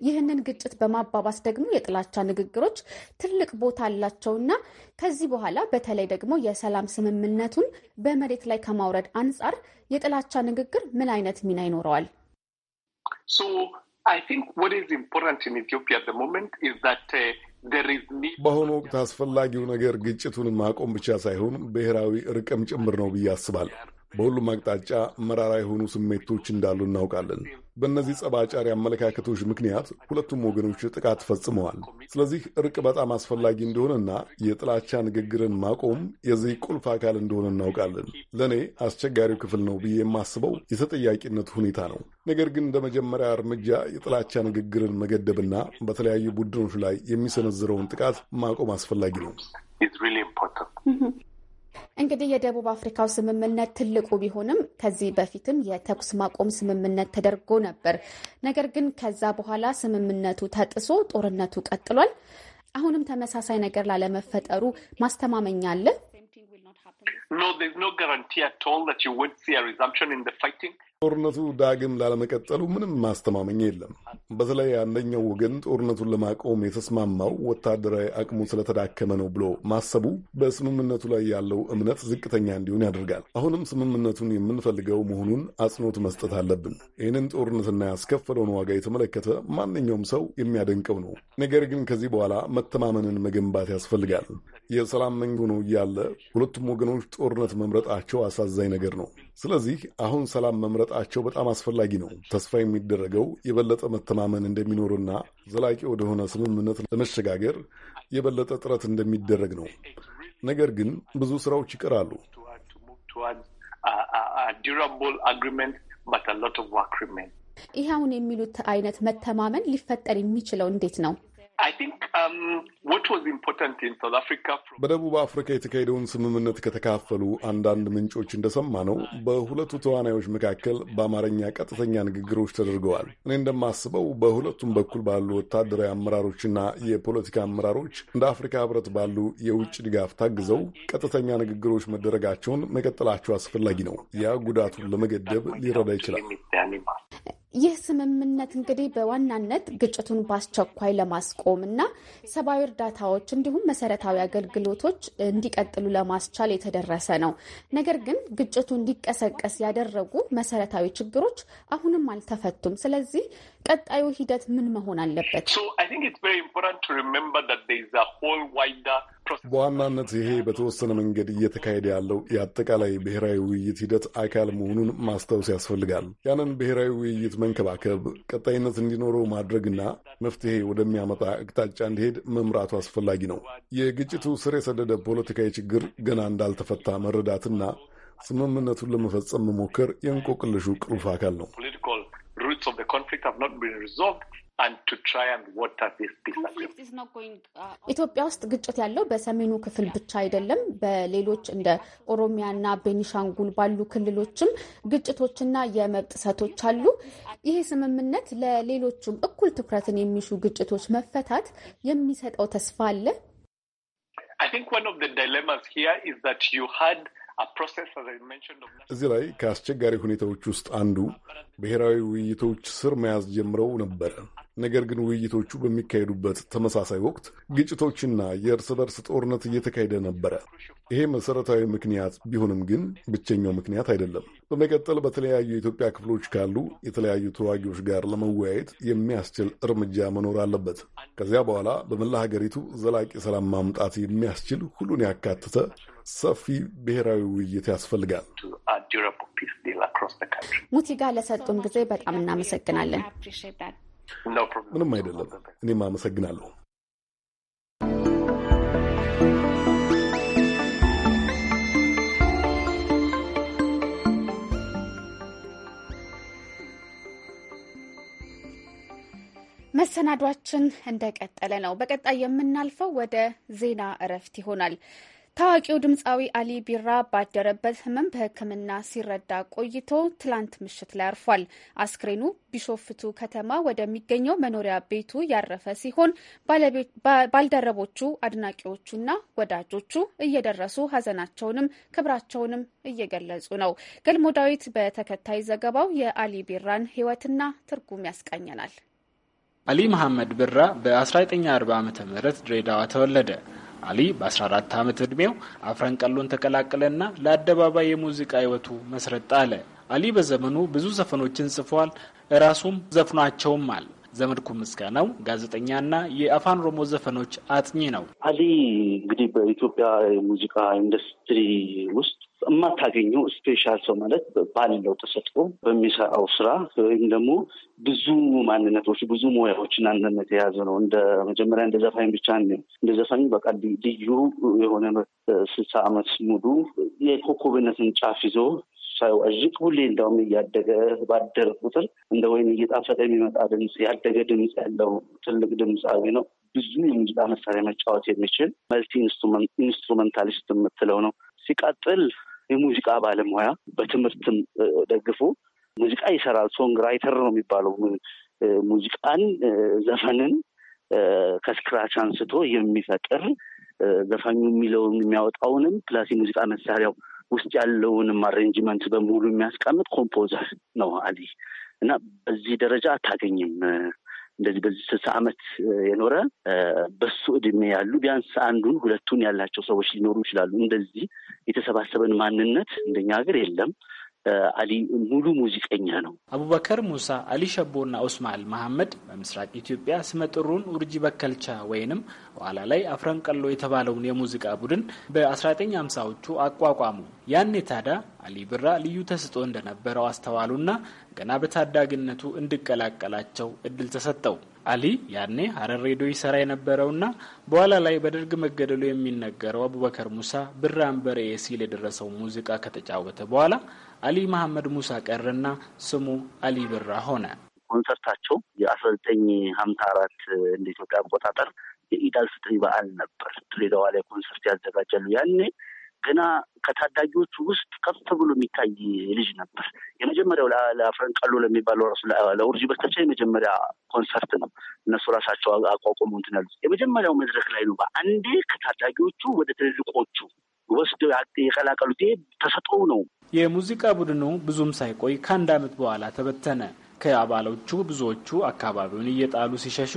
ይህንን ግጭት በማባባስ ደግሞ የጥላቻ ንግግሮች ትልቅ ቦታ አላቸውና ከዚህ በኋላ በተለይ ደግሞ የሰላም ስምምነቱን በመሬት ላይ ከማውረድ አንጻር የጥላቻ ንግግር ምን አይነት ሚና ይኖረዋል? Uh, በአሁኑ ወቅት አስፈላጊው ነገር ግጭቱን ማቆም ብቻ ሳይሆን ብሔራዊ እርቅም ጭምር ነው ብዬ አስባለሁ። በሁሉም አቅጣጫ መራራ የሆኑ ስሜቶች እንዳሉ እናውቃለን። በእነዚህ ጸባጫሪ አመለካከቶች ምክንያት ሁለቱም ወገኖች ጥቃት ፈጽመዋል። ስለዚህ እርቅ በጣም አስፈላጊ እንደሆነና የጥላቻ ንግግርን ማቆም የዚህ ቁልፍ አካል እንደሆነ እናውቃለን። ለእኔ አስቸጋሪው ክፍል ነው ብዬ የማስበው የተጠያቂነት ሁኔታ ነው። ነገር ግን እንደ መጀመሪያ እርምጃ የጥላቻ ንግግርን መገደብና በተለያዩ ቡድኖች ላይ የሚሰነዝረውን ጥቃት ማቆም አስፈላጊ ነው። እንግዲህ የደቡብ አፍሪካው ስምምነት ትልቁ ቢሆንም ከዚህ በፊትም የተኩስ ማቆም ስምምነት ተደርጎ ነበር። ነገር ግን ከዛ በኋላ ስምምነቱ ተጥሶ ጦርነቱ ቀጥሏል። አሁንም ተመሳሳይ ነገር ላለመፈጠሩ ማስተማመኛ አለ? ጦርነቱ ዳግም ላለመቀጠሉ ምንም ማስተማመኛ የለም። በተለይ አንደኛው ወገን ጦርነቱን ለማቆም የተስማማው ወታደራዊ አቅሙ ስለተዳከመ ነው ብሎ ማሰቡ በስምምነቱ ላይ ያለው እምነት ዝቅተኛ እንዲሆን ያደርጋል። አሁንም ስምምነቱን የምንፈልገው መሆኑን አጽንኦት መስጠት አለብን። ይህንን ጦርነትና ያስከፈለውን ዋጋ የተመለከተ ማንኛውም ሰው የሚያደንቀው ነው። ነገር ግን ከዚህ በኋላ መተማመንን መገንባት ያስፈልጋል። የሰላም መንገድ ሆኖ እያለ ሁለቱም ወገኖች ጦርነት መምረጣቸው አሳዛኝ ነገር ነው። ስለዚህ አሁን ሰላም መምረጣቸው በጣም አስፈላጊ ነው። ተስፋ የሚደረገው የበለጠ መተማመን እንደሚኖርና ዘላቂ ወደሆነ ስምምነት ለመሸጋገር የበለጠ ጥረት እንደሚደረግ ነው። ነገር ግን ብዙ ስራዎች ይቀራሉ። ይህ አሁን የሚሉት አይነት መተማመን ሊፈጠር የሚችለው እንዴት ነው? Um, በደቡብ አፍሪካ የተካሄደውን ስምምነት ከተካፈሉ አንዳንድ ምንጮች እንደሰማ ነው በሁለቱ ተዋናዮች መካከል በአማርኛ ቀጥተኛ ንግግሮች ተደርገዋል። እኔ እንደማስበው በሁለቱም በኩል ባሉ ወታደራዊ አመራሮችና የፖለቲካ አመራሮች እንደ አፍሪካ ሕብረት ባሉ የውጭ ድጋፍ ታግዘው ቀጥተኛ ንግግሮች መደረጋቸውን መቀጠላቸው አስፈላጊ ነው። ያ ጉዳቱን ለመገደብ ሊረዳ ይችላል። ይህ ስምምነት እንግዲህ በዋናነት ግጭቱን በአስቸኳይ ለማስቆም እና ሰብአዊ እርዳታዎች እንዲሁም መሰረታዊ አገልግሎቶች እንዲቀጥሉ ለማስቻል የተደረሰ ነው። ነገር ግን ግጭቱ እንዲቀሰቀስ ያደረጉ መሰረታዊ ችግሮች አሁንም አልተፈቱም። ስለዚህ ቀጣዩ ሂደት ምን መሆን አለበት? በዋናነት ይሄ በተወሰነ መንገድ እየተካሄደ ያለው የአጠቃላይ ብሔራዊ ውይይት ሂደት አካል መሆኑን ማስታወስ ያስፈልጋል። ያንን ብሔራዊ ውይይት መንከባከብ፣ ቀጣይነት እንዲኖረው ማድረግና መፍትሄ ወደሚያመጣ አቅጣጫ እንዲሄድ መምራቱ አስፈላጊ ነው። የግጭቱ ስር የሰደደ ፖለቲካዊ ችግር ገና እንዳልተፈታ መረዳትና ስምምነቱን ለመፈጸም መሞከር የእንቆቅልሹ ቁልፍ አካል ነው። roots of the conflict have not been resolved. Uh, ኢትዮጵያ ውስጥ ግጭት ያለው በሰሜኑ ክፍል ብቻ አይደለም። በሌሎች እንደ ኦሮሚያና ቤኒሻንጉል ባሉ ክልሎችም ግጭቶችና የመብት ጥሰቶች አሉ። ይሄ ስምምነት ለሌሎቹም እኩል ትኩረትን የሚሹ ግጭቶች መፈታት የሚሰጠው ተስፋ አለ። እዚህ ላይ ከአስቸጋሪ ሁኔታዎች ውስጥ አንዱ ብሔራዊ ውይይቶች ስር መያዝ ጀምረው ነበረ። ነገር ግን ውይይቶቹ በሚካሄዱበት ተመሳሳይ ወቅት ግጭቶችና የእርስ በርስ ጦርነት እየተካሄደ ነበረ። ይሄ መሰረታዊ ምክንያት ቢሆንም ግን ብቸኛው ምክንያት አይደለም። በመቀጠል በተለያዩ የኢትዮጵያ ክፍሎች ካሉ የተለያዩ ተዋጊዎች ጋር ለመወያየት የሚያስችል እርምጃ መኖር አለበት። ከዚያ በኋላ በመላ ሀገሪቱ ዘላቂ ሰላም ማምጣት የሚያስችል ሁሉን ያካተተ ሰፊ ብሔራዊ ውይይት ያስፈልጋል። ሙቲጋ ለሰጡን ጊዜ በጣም እናመሰግናለን። ምንም አይደለም። እኔም አመሰግናለሁ። መሰናዷችን እንደቀጠለ ነው። በቀጣይ የምናልፈው ወደ ዜና እረፍት ይሆናል። ታዋቂው ድምፃዊ አሊ ቢራ ባደረበት ህመም በሕክምና ሲረዳ ቆይቶ ትላንት ምሽት ላይ አርፏል። አስክሬኑ ቢሾፍቱ ከተማ ወደሚገኘው መኖሪያ ቤቱ ያረፈ ሲሆን ባልደረቦቹ፣ አድናቂዎቹና ወዳጆቹ እየደረሱ ሀዘናቸውንም ክብራቸውንም እየገለጹ ነው። ገልሞ ዳዊት በተከታይ ዘገባው የአሊ ቢራን ህይወትና ትርጉም ያስቃኘናል። አሊ መሐመድ ቢራ በ1940 ዓ ም ድሬዳዋ ተወለደ። አሊ በ14 ዓመት ዕድሜው አፍረን ቀሎን ተቀላቀለና ለአደባባይ የሙዚቃ ሕይወቱ መስረጥ ጣለ። አሊ በዘመኑ ብዙ ዘፈኖችን ጽፏል፣ እራሱም ዘፍኗቸውም አል ዘመድኩ ምስጋናው ጋዜጠኛና የአፋን ሮሞ ዘፈኖች አጥኚ ነው። አሊ እንግዲህ በኢትዮጵያ የሙዚቃ ኢንዱስትሪ ውስጥ የማታገኘው ስፔሻል ሰው ማለት ባለው ተሰጥቶ በሚሰራው ስራ ወይም ደግሞ ብዙ ማንነቶች ብዙ ሙያዎችን አንድነት የያዘ ነው። እንደ መጀመሪያ እንደ ዘፋኝ ብቻ እንደ ዘፋኝ በቃ ልዩ የሆነ ስልሳ ዓመት ሙሉ የኮከብነትን ጫፍ ይዞ ሳይዋዥቅ ሁሌ እንደውም እያደገ ባደረ ቁጥር እንደ ወይን እየጣፈጠ የሚመጣ ድምፅ ያደገ ድምፅ ያለው ትልቅ ድምፃዊ ነው። ብዙ የሙዚቃ መሳሪያ መጫወት የሚችል መልቲ ኢንስትሩመንታሊስት የምትለው ነው። ሲቀጥል የሙዚቃ ባለሙያ በትምህርትም ደግፎ ሙዚቃ ይሰራል። ሶንግ ራይተር ነው የሚባለው። ሙዚቃን፣ ዘፈንን ከስክራች አንስቶ የሚፈጥር ዘፋኙ የሚለውን የሚያወጣውንም ፕላስ የሙዚቃ መሳሪያው ውስጥ ያለውንም አሬንጅመንት በሙሉ የሚያስቀምጥ ኮምፖዘር ነው አሊ እና በዚህ ደረጃ አታገኝም እንደዚህ በዚህ ስልሳ ዓመት የኖረ በሱ እድሜ ያሉ ቢያንስ አንዱን ሁለቱን ያላቸው ሰዎች ሊኖሩ ይችላሉ። እንደዚህ የተሰባሰበን ማንነት እንደኛ ሀገር የለም። አሊ ሙሉ ሙዚቀኛ ነው። አቡበከር ሙሳ፣ አሊ ሸቦና ኡስማኤል መሐመድ በምስራቅ ኢትዮጵያ ስመጥሩን ውርጂ በከልቻ ወይንም ኋላ ላይ አፍረንቀሎ የተባለውን የሙዚቃ ቡድን በ1950ዎቹ አቋቋሙ። ያኔ ታዳ አሊ ብራ ልዩ ተስጦ እንደነበረው አስተዋሉና ገና በታዳጊነቱ እንዲቀላቀላቸው እድል ተሰጠው። አሊ ያኔ ሀረር ሬዲዮ ይሰራ የነበረውና በኋላ ላይ በደርግ መገደሉ የሚነገረው አቡበከር ሙሳ ብር አንበሬ ሲል የደረሰው ሙዚቃ ከተጫወተ በኋላ አሊ መሐመድ ሙሳ ቀርና ስሙ አሊ ብራ ሆነ። ኮንሰርታቸው የአስራ ዘጠኝ ሀምሳ አራት እንደ ኢትዮጵያ አቆጣጠር የኢዳል ፍጥሪ በዓል ነበር። ድሬዳዋ ላይ ኮንሰርት ያዘጋጃሉ። ያኔ ገና ከታዳጊዎቹ ውስጥ ከፍ ብሎ የሚታይ ልጅ ነበር። የመጀመሪያው ለአፍረን ቀሎ ለሚባለው ራሱ ለውርጅ በስተቻ የመጀመሪያ ኮንሰርት ነው። እነሱ ራሳቸው አቋቋሙ እንትን ያሉት የመጀመሪያው መድረክ ላይ ነው። በአንዴ ከታዳጊዎቹ ወደ ትልልቆቹ ወስደው የቀላቀሉት ይሄ ነው። የሙዚቃ ቡድኑ ብዙም ሳይቆይ ከአንድ ዓመት በኋላ ተበተነ። ከአባሎቹ ብዙዎቹ አካባቢውን እየጣሉ ሲሸሹ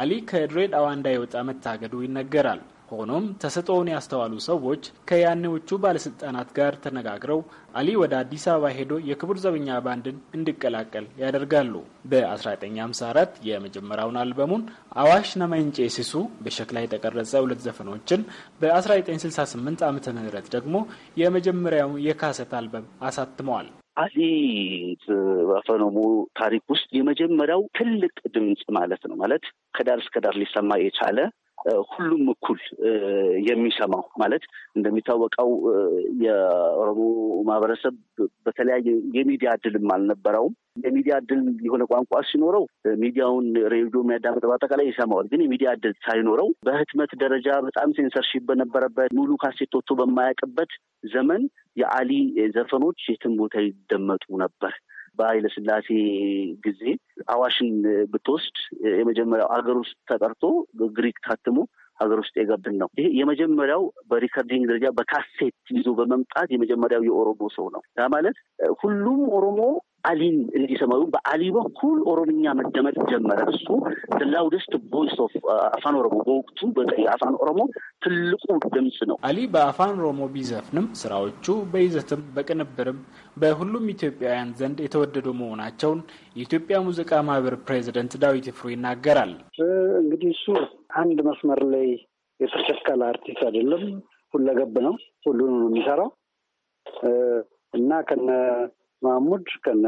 አሊ ከድሬዳዋ እንዳይወጣ መታገዱ ይነገራል። ሆኖም ተሰጥኦውን ያስተዋሉ ሰዎች ከያኔዎቹ ባለስልጣናት ጋር ተነጋግረው አሊ ወደ አዲስ አበባ ሄዶ የክቡር ዘበኛ ባንድን እንዲቀላቀል ያደርጋሉ። በ1954 የመጀመሪያውን አልበሙን አዋሽ ነመንጬ ሲሱ በሸክላ የተቀረጸ ሁለት ዘፈኖችን በ1968 ዓ ም ደግሞ የመጀመሪያው የካሰት አልበም አሳትመዋል። አሊ በፈኖሙ ታሪክ ውስጥ የመጀመሪያው ትልቅ ድምፅ ማለት ነው። ማለት ከዳር እስከ ዳር ሊሰማ የቻለ ሁሉም እኩል የሚሰማው ማለት እንደሚታወቀው የኦሮሞ ማህበረሰብ በተለያየ የሚዲያ እድልም አልነበረውም። የሚዲያ እድል የሆነ ቋንቋ ሲኖረው ሚዲያውን ሬዲዮ የሚያዳምጥ በአጠቃላይ ይሰማዋል። ግን የሚዲያ እድል ሳይኖረው በህትመት ደረጃ በጣም ሴንሰርሺፕ በነበረበት ሙሉ ካሴት ወጥቶ በማያውቅበት ዘመን የአሊ ዘፈኖች የትም ቦታ ይደመጡ ነበር። በኃይለ ስላሴ ጊዜ አዋሽን ብትወስድ የመጀመሪያው ሀገር ውስጥ ተጠርቶ በግሪክ ታትሞ ሀገር ውስጥ የገብን ነው። ይሄ የመጀመሪያው በሪከርዲንግ ደረጃ በካሴት ይዞ በመምጣት የመጀመሪያው የኦሮሞ ሰው ነው። ያ ማለት ሁሉም ኦሮሞ አሊን እንዲሰማዩ በአሊ በኩል ኦሮምኛ መደመጥ ጀመረ። እሱ ላውደስት ቮይስ ኦፍ አፋን ኦሮሞ በወቅቱ የአፋን ኦሮሞ ትልቁ ድምፅ ነው። አሊ በአፋን ኦሮሞ ቢዘፍንም ስራዎቹ በይዘትም በቅንብርም በሁሉም ኢትዮጵያውያን ዘንድ የተወደዱ መሆናቸውን የኢትዮጵያ ሙዚቃ ማህበር ፕሬዚደንት ዳዊት ፍሩ ይናገራል። እንግዲህ እሱ አንድ መስመር ላይ የተሸከለ አርቲስት አይደለም፣ ሁለገብ ነው። ሁሉን ነው የሚሰራው እና ከነ መሐሙድ ከነ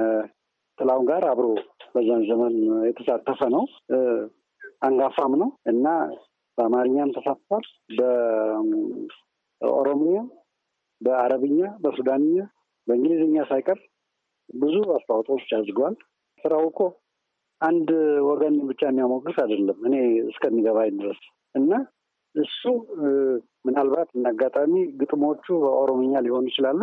ጥላውን ጋር አብሮ በዛን ዘመን የተሳተፈ ነው። አንጋፋም ነው እና በአማርኛም ተሳትፏል። በኦሮምኛ፣ በአረብኛ፣ በሱዳንኛ፣ በእንግሊዝኛ ሳይቀር ብዙ አስተዋጽኦች አድርገዋል። ስራው እኮ አንድ ወገን ብቻ የሚያሞግስ አይደለም እኔ እስከሚገባኝ ድረስ እና እሱ ምናልባት አጋጣሚ ግጥሞቹ በኦሮምኛ ሊሆኑ ይችላሉ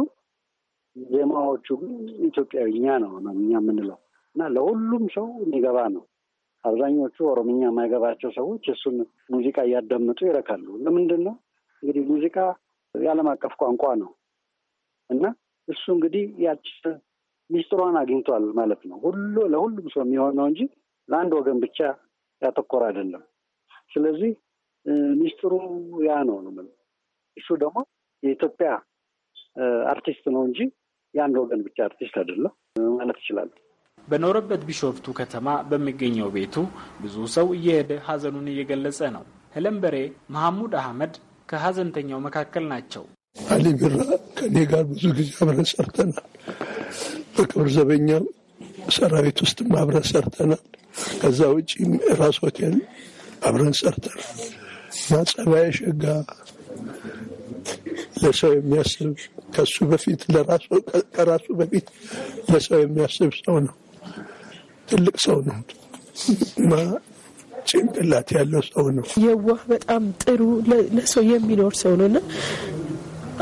ዜማዎቹ ግን ኢትዮጵያዊኛ ነው ነው እኛ የምንለው እና ለሁሉም ሰው የሚገባ ነው። አብዛኞቹ ኦሮምኛ የማይገባቸው ሰዎች እሱን ሙዚቃ እያዳመጡ ይረካሉ። ለምንድን ነው እንግዲህ ሙዚቃ የዓለም አቀፍ ቋንቋ ነው እና እሱ እንግዲህ ያች ሚስጥሯን አግኝቷል ማለት ነው። ሁሉ ለሁሉም ሰው የሚሆን ነው እንጂ ለአንድ ወገን ብቻ ያተኮር አይደለም። ስለዚህ ሚስጥሩ ያ ነው ነው እሱ ደግሞ የኢትዮጵያ አርቲስት ነው እንጂ የአንድ ወገን ብቻ አርቲስት አይደለም ማለት ይችላል። በኖረበት ቢሾፍቱ ከተማ በሚገኘው ቤቱ ብዙ ሰው እየሄደ ሀዘኑን እየገለጸ ነው። ህለምበሬ መሐሙድ አህመድ ከሀዘንተኛው መካከል ናቸው። አሊ ቢራ ከእኔ ጋር ብዙ ጊዜ አብረን ሰርተናል። በክብር ዘበኛው ሰራዊት ውስጥ አብረን ሰርተናል። ከዛ ውጭ ራስ ሆቴል አብረን ሰርተናል ማጸባ ጸባዬ ሸጋ ለሰው የሚያስብ ከሱ በፊት ለራሱ ከራሱ በፊት ለሰው የሚያስብ ሰው ነው። ትልቅ ሰው ነው ጭንቅላት ያለው ሰው ነው። የዋህ በጣም ጥሩ ለሰው የሚኖር ሰው ነው እና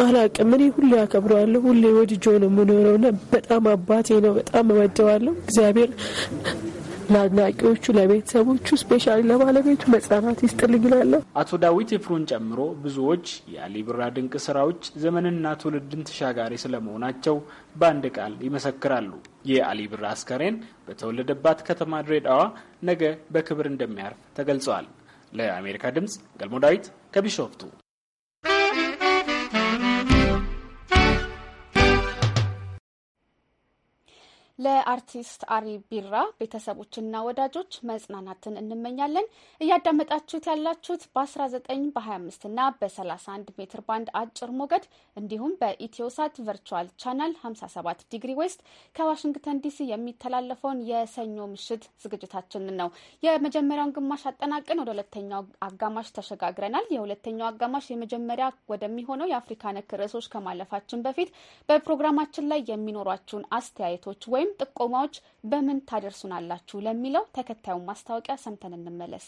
አላቅም እኔ ሁሌ አከብረዋለሁ። ሁሌ ወድጆ ነው የምኖረው እና በጣም አባቴ ነው። በጣም እወደዋለሁ እግዚአብሔር ለአድናቂዎቹ፣ ለቤተሰቦቹ፣ ስፔሻሊ ለባለቤቱ መጽናናት ይስጥልኝ እላለሁ። አቶ ዳዊት ይፍሩን ጨምሮ ብዙዎች የአሊ ብራ ድንቅ ስራዎች ዘመንና ትውልድን ተሻጋሪ ስለመሆናቸው በአንድ ቃል ይመሰክራሉ። የአሊ ብራ አስከሬን በተወለደባት ከተማ ድሬዳዋ ነገ በክብር እንደሚያርፍ ተገልጸዋል። ለአሜሪካ ድምጽ ገልሞ ዳዊት ከቢሾፍቱ ለአርቲስት አሪ ቢራ ቤተሰቦችና ወዳጆች መጽናናትን እንመኛለን። እያዳመጣችሁት ያላችሁት በ19 በ25 እና በ31 ሜትር ባንድ አጭር ሞገድ እንዲሁም በኢትዮሳት ቨርቹዋል ቻናል 57 ዲግሪ ዌስት ከዋሽንግተን ዲሲ የሚተላለፈውን የሰኞ ምሽት ዝግጅታችንን ነው። የመጀመሪያውን ግማሽ አጠናቀን ወደ ሁለተኛው አጋማሽ ተሸጋግረናል። የሁለተኛው አጋማሽ የመጀመሪያ ወደሚሆነው የአፍሪካ ነክ ርዕሶች ከማለፋችን በፊት በፕሮግራማችን ላይ የሚኖሯችሁን አስተያየቶች ወይም ጥቆማዎች በምን ታደርሱናላችሁ ለሚለው ተከታዩን ማስታወቂያ ሰምተን እንመለስ።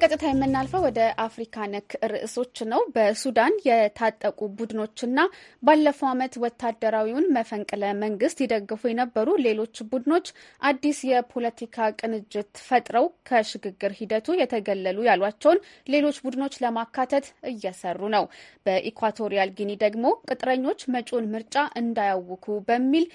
በቀጥታ የምናልፈው ወደ አፍሪካ ነክ ርዕሶች ነው። በሱዳን የታጠቁ ቡድኖችና ባለፈው ዓመት ወታደራዊውን መፈንቅለ መንግስት ይደግፉ የነበሩ ሌሎች ቡድኖች አዲስ የፖለቲካ ቅንጅት ፈጥረው ከሽግግር ሂደቱ የተገለሉ ያሏቸውን ሌሎች ቡድኖች ለማካተት እየሰሩ ነው። በኢኳቶሪያል ጊኒ ደግሞ ቅጥረኞች መጪውን ምርጫ እንዳያውኩ በሚል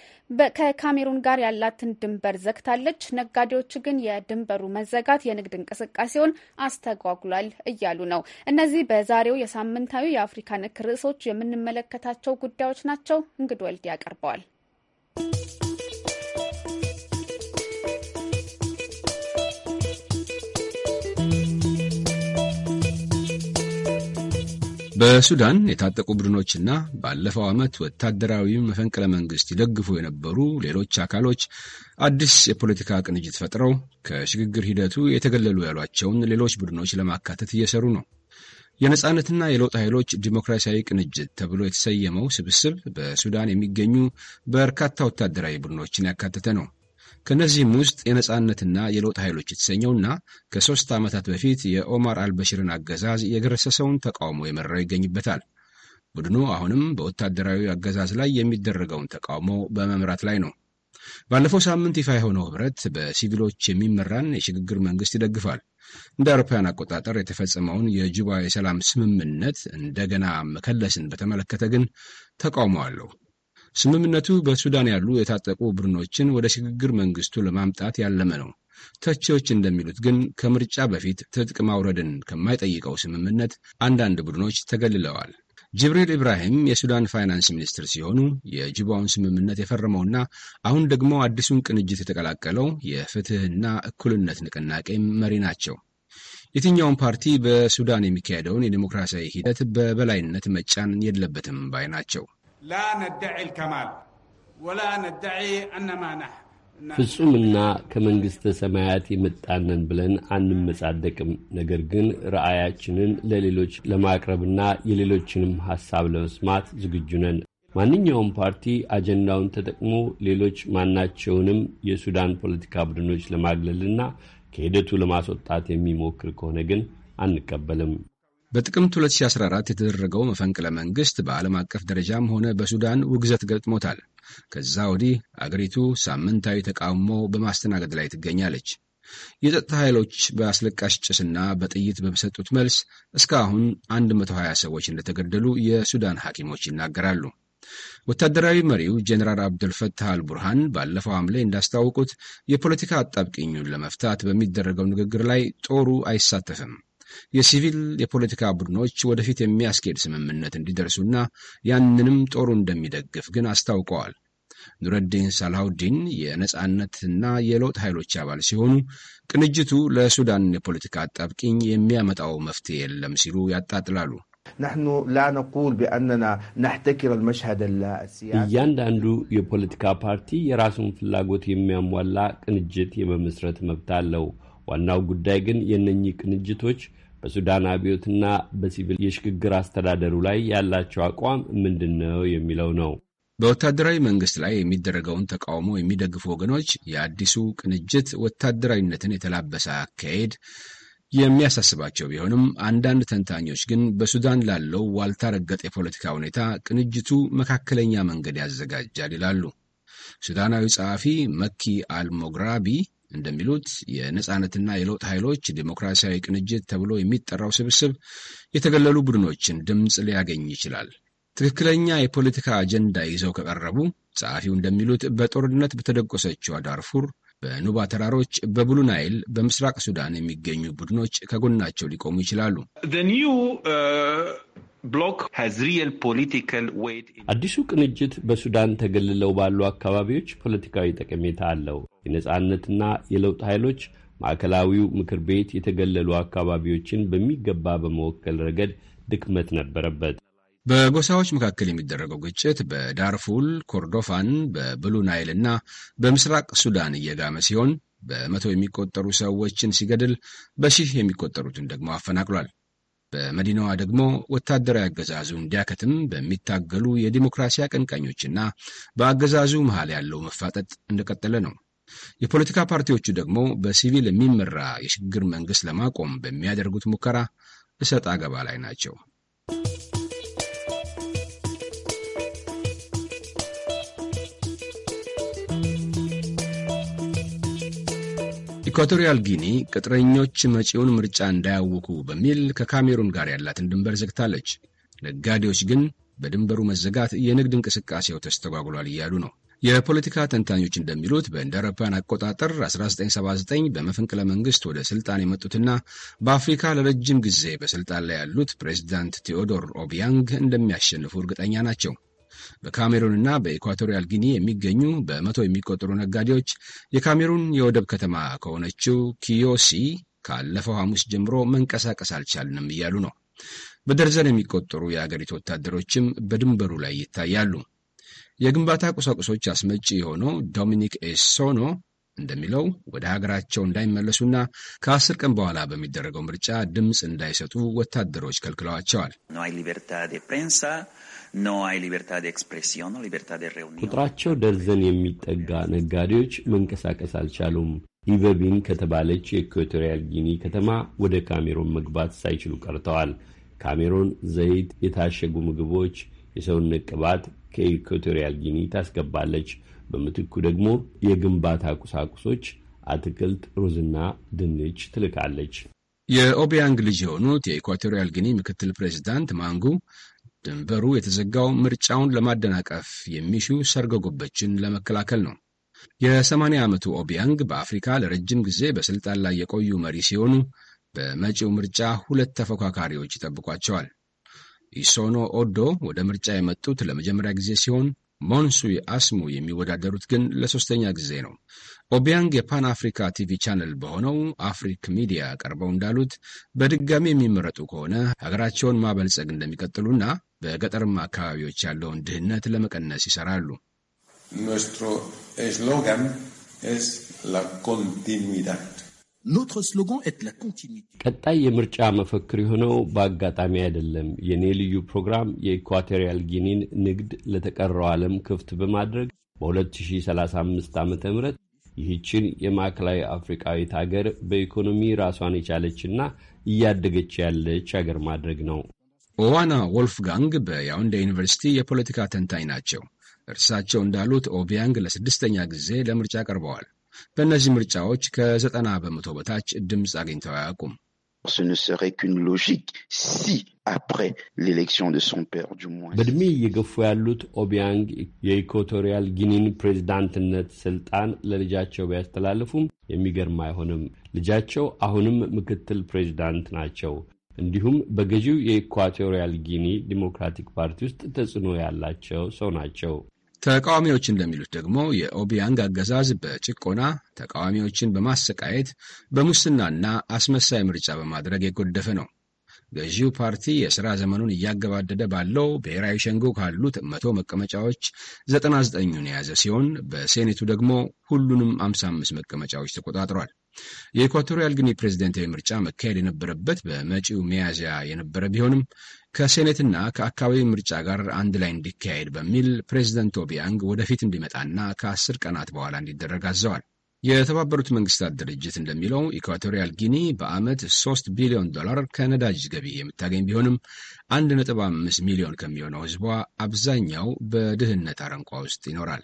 ከካሜሩን ጋር ያላትን ድንበር ዘግታለች። ነጋዴዎች ግን የድንበሩ መዘጋት የንግድ እንቅስቃሴውን አስተጓጉሏል እያሉ ነው። እነዚህ በዛሬው የሳምንታዊ የአፍሪካ ነክ ርዕሶች የምንመለከታቸው ጉዳዮች ናቸው። እንግድ ወልድ ያቀርበዋል። በሱዳን የታጠቁ ቡድኖችና ባለፈው ዓመት ወታደራዊ መፈንቅለ መንግስት ይደግፉ የነበሩ ሌሎች አካሎች አዲስ የፖለቲካ ቅንጅት ፈጥረው ከሽግግር ሂደቱ የተገለሉ ያሏቸውን ሌሎች ቡድኖች ለማካተት እየሰሩ ነው። የነጻነትና የለውጥ ኃይሎች ዲሞክራሲያዊ ቅንጅት ተብሎ የተሰየመው ስብስብ በሱዳን የሚገኙ በርካታ ወታደራዊ ቡድኖችን ያካተተ ነው። ከእነዚህም ውስጥ የነጻነትና የለውጥ ኃይሎች የተሰኘውና ከሦስት ዓመታት በፊት የኦማር አልበሽርን አገዛዝ የገረሰሰውን ተቃውሞ የመራው ይገኝበታል። ቡድኑ አሁንም በወታደራዊ አገዛዝ ላይ የሚደረገውን ተቃውሞ በመምራት ላይ ነው። ባለፈው ሳምንት ይፋ የሆነው ኅብረት በሲቪሎች የሚመራን የሽግግር መንግሥት ይደግፋል። እንደ አውሮፓውያን አቆጣጠር የተፈጸመውን የጁባ የሰላም ስምምነት እንደገና መከለስን በተመለከተ ግን ተቃውሞ አለው። ስምምነቱ በሱዳን ያሉ የታጠቁ ቡድኖችን ወደ ሽግግር መንግስቱ ለማምጣት ያለመ ነው። ተቺዎች እንደሚሉት ግን ከምርጫ በፊት ትጥቅ ማውረድን ከማይጠይቀው ስምምነት አንዳንድ ቡድኖች ተገልለዋል። ጅብሪል ኢብራሂም የሱዳን ፋይናንስ ሚኒስትር ሲሆኑ የጁባውን ስምምነት የፈረመውና አሁን ደግሞ አዲሱን ቅንጅት የተቀላቀለው የፍትህና እኩልነት ንቅናቄ መሪ ናቸው። የትኛውም ፓርቲ በሱዳን የሚካሄደውን የዴሞክራሲያዊ ሂደት በበላይነት መጫን የለበትም ባይ ናቸው። لا ندعي الكمال ولا ندعي أنما ፍጹምና ከመንግሥተ ሰማያት የመጣነን ብለን አንመጻደቅም። ነገር ግን ራዕያችንን ለሌሎች ለማቅረብና የሌሎችንም ሐሳብ ለመስማት ዝግጁ ነን። ማንኛውም ፓርቲ አጀንዳውን ተጠቅሞ ሌሎች ማናቸውንም የሱዳን ፖለቲካ ቡድኖች ለማግለልና ከሂደቱ ለማስወጣት የሚሞክር ከሆነ ግን አንቀበልም። በጥቅምት 2014 የተደረገው መፈንቅለ መንግስት በዓለም አቀፍ ደረጃም ሆነ በሱዳን ውግዘት ገጥሞታል። ከዛ ወዲህ አገሪቱ ሳምንታዊ ተቃውሞ በማስተናገድ ላይ ትገኛለች። የጸጥታ ኃይሎች በአስለቃሽ ጭስና በጥይት በሰጡት መልስ እስካሁን 120 ሰዎች እንደተገደሉ የሱዳን ሐኪሞች ይናገራሉ። ወታደራዊ መሪው ጀኔራል አብዱልፈታህ አልቡርሃን ባለፈው ሐምሌ እንዳስታወቁት የፖለቲካ አጣብቂኙን ለመፍታት በሚደረገው ንግግር ላይ ጦሩ አይሳተፍም። የሲቪል የፖለቲካ ቡድኖች ወደፊት የሚያስኬድ ስምምነት እንዲደርሱና ያንንም ጦሩ እንደሚደግፍ ግን አስታውቀዋል። ኑረዲን ሳላሁዲን የነጻነትና የለውጥ ኃይሎች አባል ሲሆኑ ቅንጅቱ ለሱዳን የፖለቲካ አጣብቂኝ የሚያመጣው መፍትሄ የለም ሲሉ ያጣጥላሉ። እያንዳንዱ የፖለቲካ ፓርቲ የራሱን ፍላጎት የሚያሟላ ቅንጅት የመመስረት መብት አለው። ዋናው ጉዳይ ግን የነኚህ ቅንጅቶች በሱዳን አብዮትና በሲቪል የሽግግር አስተዳደሩ ላይ ያላቸው አቋም ምንድን ነው የሚለው ነው። በወታደራዊ መንግስት ላይ የሚደረገውን ተቃውሞ የሚደግፉ ወገኖች የአዲሱ ቅንጅት ወታደራዊነትን የተላበሰ አካሄድ የሚያሳስባቸው ቢሆንም አንዳንድ ተንታኞች ግን በሱዳን ላለው ዋልታ ረገጥ የፖለቲካ ሁኔታ ቅንጅቱ መካከለኛ መንገድ ያዘጋጃል ይላሉ። ሱዳናዊ ጸሐፊ መኪ አልሞግራቢ እንደሚሉት የነጻነትና የለውጥ ኃይሎች ዴሞክራሲያዊ ቅንጅት ተብሎ የሚጠራው ስብስብ የተገለሉ ቡድኖችን ድምፅ ሊያገኝ ይችላል። ትክክለኛ የፖለቲካ አጀንዳ ይዘው ከቀረቡ፣ ጸሐፊው እንደሚሉት በጦርነት በተደቆሰችው ዳርፉር፣ በኑባ ተራሮች፣ በብሉ ናይል፣ በምስራቅ ሱዳን የሚገኙ ቡድኖች ከጎናቸው ሊቆሙ ይችላሉ። አዲሱ ቅንጅት በሱዳን ተገልለው ባሉ አካባቢዎች ፖለቲካዊ ጠቀሜታ አለው። የነጻነትና የለውጥ ኃይሎች ማዕከላዊው ምክር ቤት የተገለሉ አካባቢዎችን በሚገባ በመወከል ረገድ ድክመት ነበረበት። በጎሳዎች መካከል የሚደረገው ግጭት በዳርፉል፣ ኮርዶፋን፣ በብሉ ናይል እና በምስራቅ ሱዳን እየጋመ ሲሆን በመቶ የሚቆጠሩ ሰዎችን ሲገድል በሺህ የሚቆጠሩትን ደግሞ አፈናቅሏል። በመዲናዋ ደግሞ ወታደራዊ አገዛዙ እንዲያከትም በሚታገሉ የዲሞክራሲ አቀንቃኞችና በአገዛዙ መሃል ያለው መፋጠጥ እንደቀጠለ ነው። የፖለቲካ ፓርቲዎቹ ደግሞ በሲቪል የሚመራ የሽግግር መንግስት ለማቆም በሚያደርጉት ሙከራ እሰጥ አገባ ላይ ናቸው። ኢኳቶሪያል ጊኒ ቅጥረኞች መጪውን ምርጫ እንዳያውኩ በሚል ከካሜሩን ጋር ያላትን ድንበር ዘግታለች። ነጋዴዎች ግን በድንበሩ መዘጋት የንግድ እንቅስቃሴው ተስተጓጉሏል እያሉ ነው። የፖለቲካ ተንታኞች እንደሚሉት በእንደ አውሮፓውያን አቆጣጠር 1979 በመፈንቅለ መንግስት ወደ ስልጣን የመጡትና በአፍሪካ ለረጅም ጊዜ በስልጣን ላይ ያሉት ፕሬዚዳንት ቴዎዶር ኦቢያንግ እንደሚያሸንፉ እርግጠኛ ናቸው። በካሜሩንና በኢኳቶሪያል ጊኒ የሚገኙ በመቶ የሚቆጠሩ ነጋዴዎች የካሜሩን የወደብ ከተማ ከሆነችው ኪዮሲ ካለፈው ሐሙስ ጀምሮ መንቀሳቀስ አልቻልንም እያሉ ነው። በደርዘን የሚቆጠሩ የአገሪቱ ወታደሮችም በድንበሩ ላይ ይታያሉ። የግንባታ ቁሳቁሶች አስመጪ የሆነው ዶሚኒክ ኤሶኖ እንደሚለው ወደ ሀገራቸው እንዳይመለሱና ከአስር ቀን በኋላ በሚደረገው ምርጫ ድምፅ እንዳይሰጡ ወታደሮች ከልክለዋቸዋል። ቁጥራቸው ደርዘን የሚጠጋ ነጋዴዎች መንቀሳቀስ አልቻሉም። ኢቨቢን ከተባለች የኢኳቶሪያል ጊኒ ከተማ ወደ ካሜሮን መግባት ሳይችሉ ቀርተዋል። ካሜሮን ዘይት፣ የታሸጉ ምግቦች፣ የሰውነት ቅባት ከኢኳቶሪያል ጊኒ ታስገባለች። በምትኩ ደግሞ የግንባታ ቁሳቁሶች፣ አትክልት፣ ሩዝና ድንች ትልካለች። የኦቢያንግ ልጅ የሆኑት የኢኳቶሪያል ጊኒ ምክትል ፕሬዚዳንት ማንጉ ድንበሩ የተዘጋው ምርጫውን ለማደናቀፍ የሚሹ ሰርጎ ለመከላከል ነው። የ80 ዓመቱ ኦቢያንግ በአፍሪካ ለረጅም ጊዜ በስልጣን ላይ የቆዩ መሪ ሲሆኑ በመጪው ምርጫ ሁለት ተፎካካሪዎች ይጠብቋቸዋል። ኢሶኖ ኦዶ ወደ ምርጫ የመጡት ለመጀመሪያ ጊዜ ሲሆን ሞንሱይ አስሙ የሚወዳደሩት ግን ለሶስተኛ ጊዜ ነው። ኦቢያንግ የፓን አፍሪካ ቲቪ ቻነል በሆነው አፍሪክ ሚዲያ ቀርበው እንዳሉት በድጋሚ የሚመረጡ ከሆነ ሀገራቸውን ማበልጸግ እንደሚቀጥሉና በገጠርማ አካባቢዎች ያለውን ድህነት ለመቀነስ ይሰራሉ። ቀጣይ የምርጫ መፈክር የሆነው በአጋጣሚ አይደለም። የኔ ልዩ ፕሮግራም የኢኳቶሪያል ጊኒን ንግድ ለተቀረው ዓለም ክፍት በማድረግ በ2035 ዓ ም ይህችን የማዕከላዊ አፍሪቃዊት አገር በኢኮኖሚ ራሷን የቻለችና እያደገች ያለች አገር ማድረግ ነው። ኦዋና ወልፍጋንግ በያውንዴ ዩኒቨርሲቲ የፖለቲካ ተንታኝ ናቸው። እርሳቸው እንዳሉት ኦቢያንግ ለስድስተኛ ጊዜ ለምርጫ ቀርበዋል። በእነዚህ ምርጫዎች ከዘጠና በመቶ በታች ድምፅ አግኝተው አያውቁም። በዕድሜ እየገፉ ያሉት ኦቢያንግ የኢኳቶሪያል ጊኒን ፕሬዚዳንትነት ስልጣን ለልጃቸው ቢያስተላልፉም የሚገርም አይሆንም። ልጃቸው አሁንም ምክትል ፕሬዝዳንት ናቸው። እንዲሁም በገዢው የኢኳቶሪያል ጊኒ ዲሞክራቲክ ፓርቲ ውስጥ ተጽዕኖ ያላቸው ሰው ናቸው። ተቃዋሚዎች እንደሚሉት ደግሞ የኦቢያንግ አገዛዝ በጭቆና ተቃዋሚዎችን በማሰቃየት በሙስናና አስመሳይ ምርጫ በማድረግ የጎደፈ ነው። ገዢው ፓርቲ የሥራ ዘመኑን እያገባደደ ባለው ብሔራዊ ሸንጎ ካሉት መቶ መቀመጫዎች 99ኙን የያዘ ሲሆን በሴኔቱ ደግሞ ሁሉንም 55 መቀመጫዎች ተቆጣጥሯል። የኢኳቶሪያል ግኒ ፕሬዝደንታዊ ምርጫ መካሄድ የነበረበት በመጪው ሚያዝያ የነበረ ቢሆንም ከሴኔትና ከአካባቢ ምርጫ ጋር አንድ ላይ እንዲካሄድ በሚል ፕሬዝደንት ኦቢያንግ ወደፊት እንዲመጣና ከአስር ቀናት በኋላ እንዲደረግ አዘዋል። የተባበሩት መንግስታት ድርጅት እንደሚለው ኢኳቶሪያል ጊኒ በዓመት 3 ቢሊዮን ዶላር ከነዳጅ ገቢ የምታገኝ ቢሆንም 1.5 ሚሊዮን ከሚሆነው ህዝቧ አብዛኛው በድህነት አረንቋ ውስጥ ይኖራል።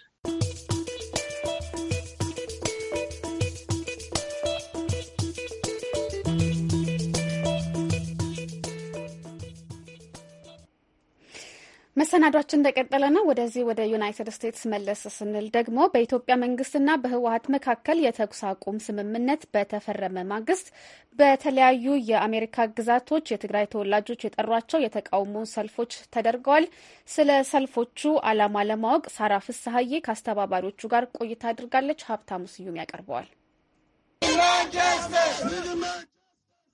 መሰናዷችን እንደቀጠለ ነው። ወደዚህ ወደ ዩናይትድ ስቴትስ መለስ ስንል ደግሞ በኢትዮጵያ መንግስትና በህወሀት መካከል የተኩስ አቁም ስምምነት በተፈረመ ማግስት በተለያዩ የአሜሪካ ግዛቶች የትግራይ ተወላጆች የጠሯቸው የተቃውሞ ሰልፎች ተደርገዋል። ስለ ሰልፎቹ ዓላማ ለማወቅ ሳራ ፍስሀዬ ከአስተባባሪዎቹ ጋር ቆይታ አድርጋለች። ሀብታሙ ስዩም ያቀርበዋል።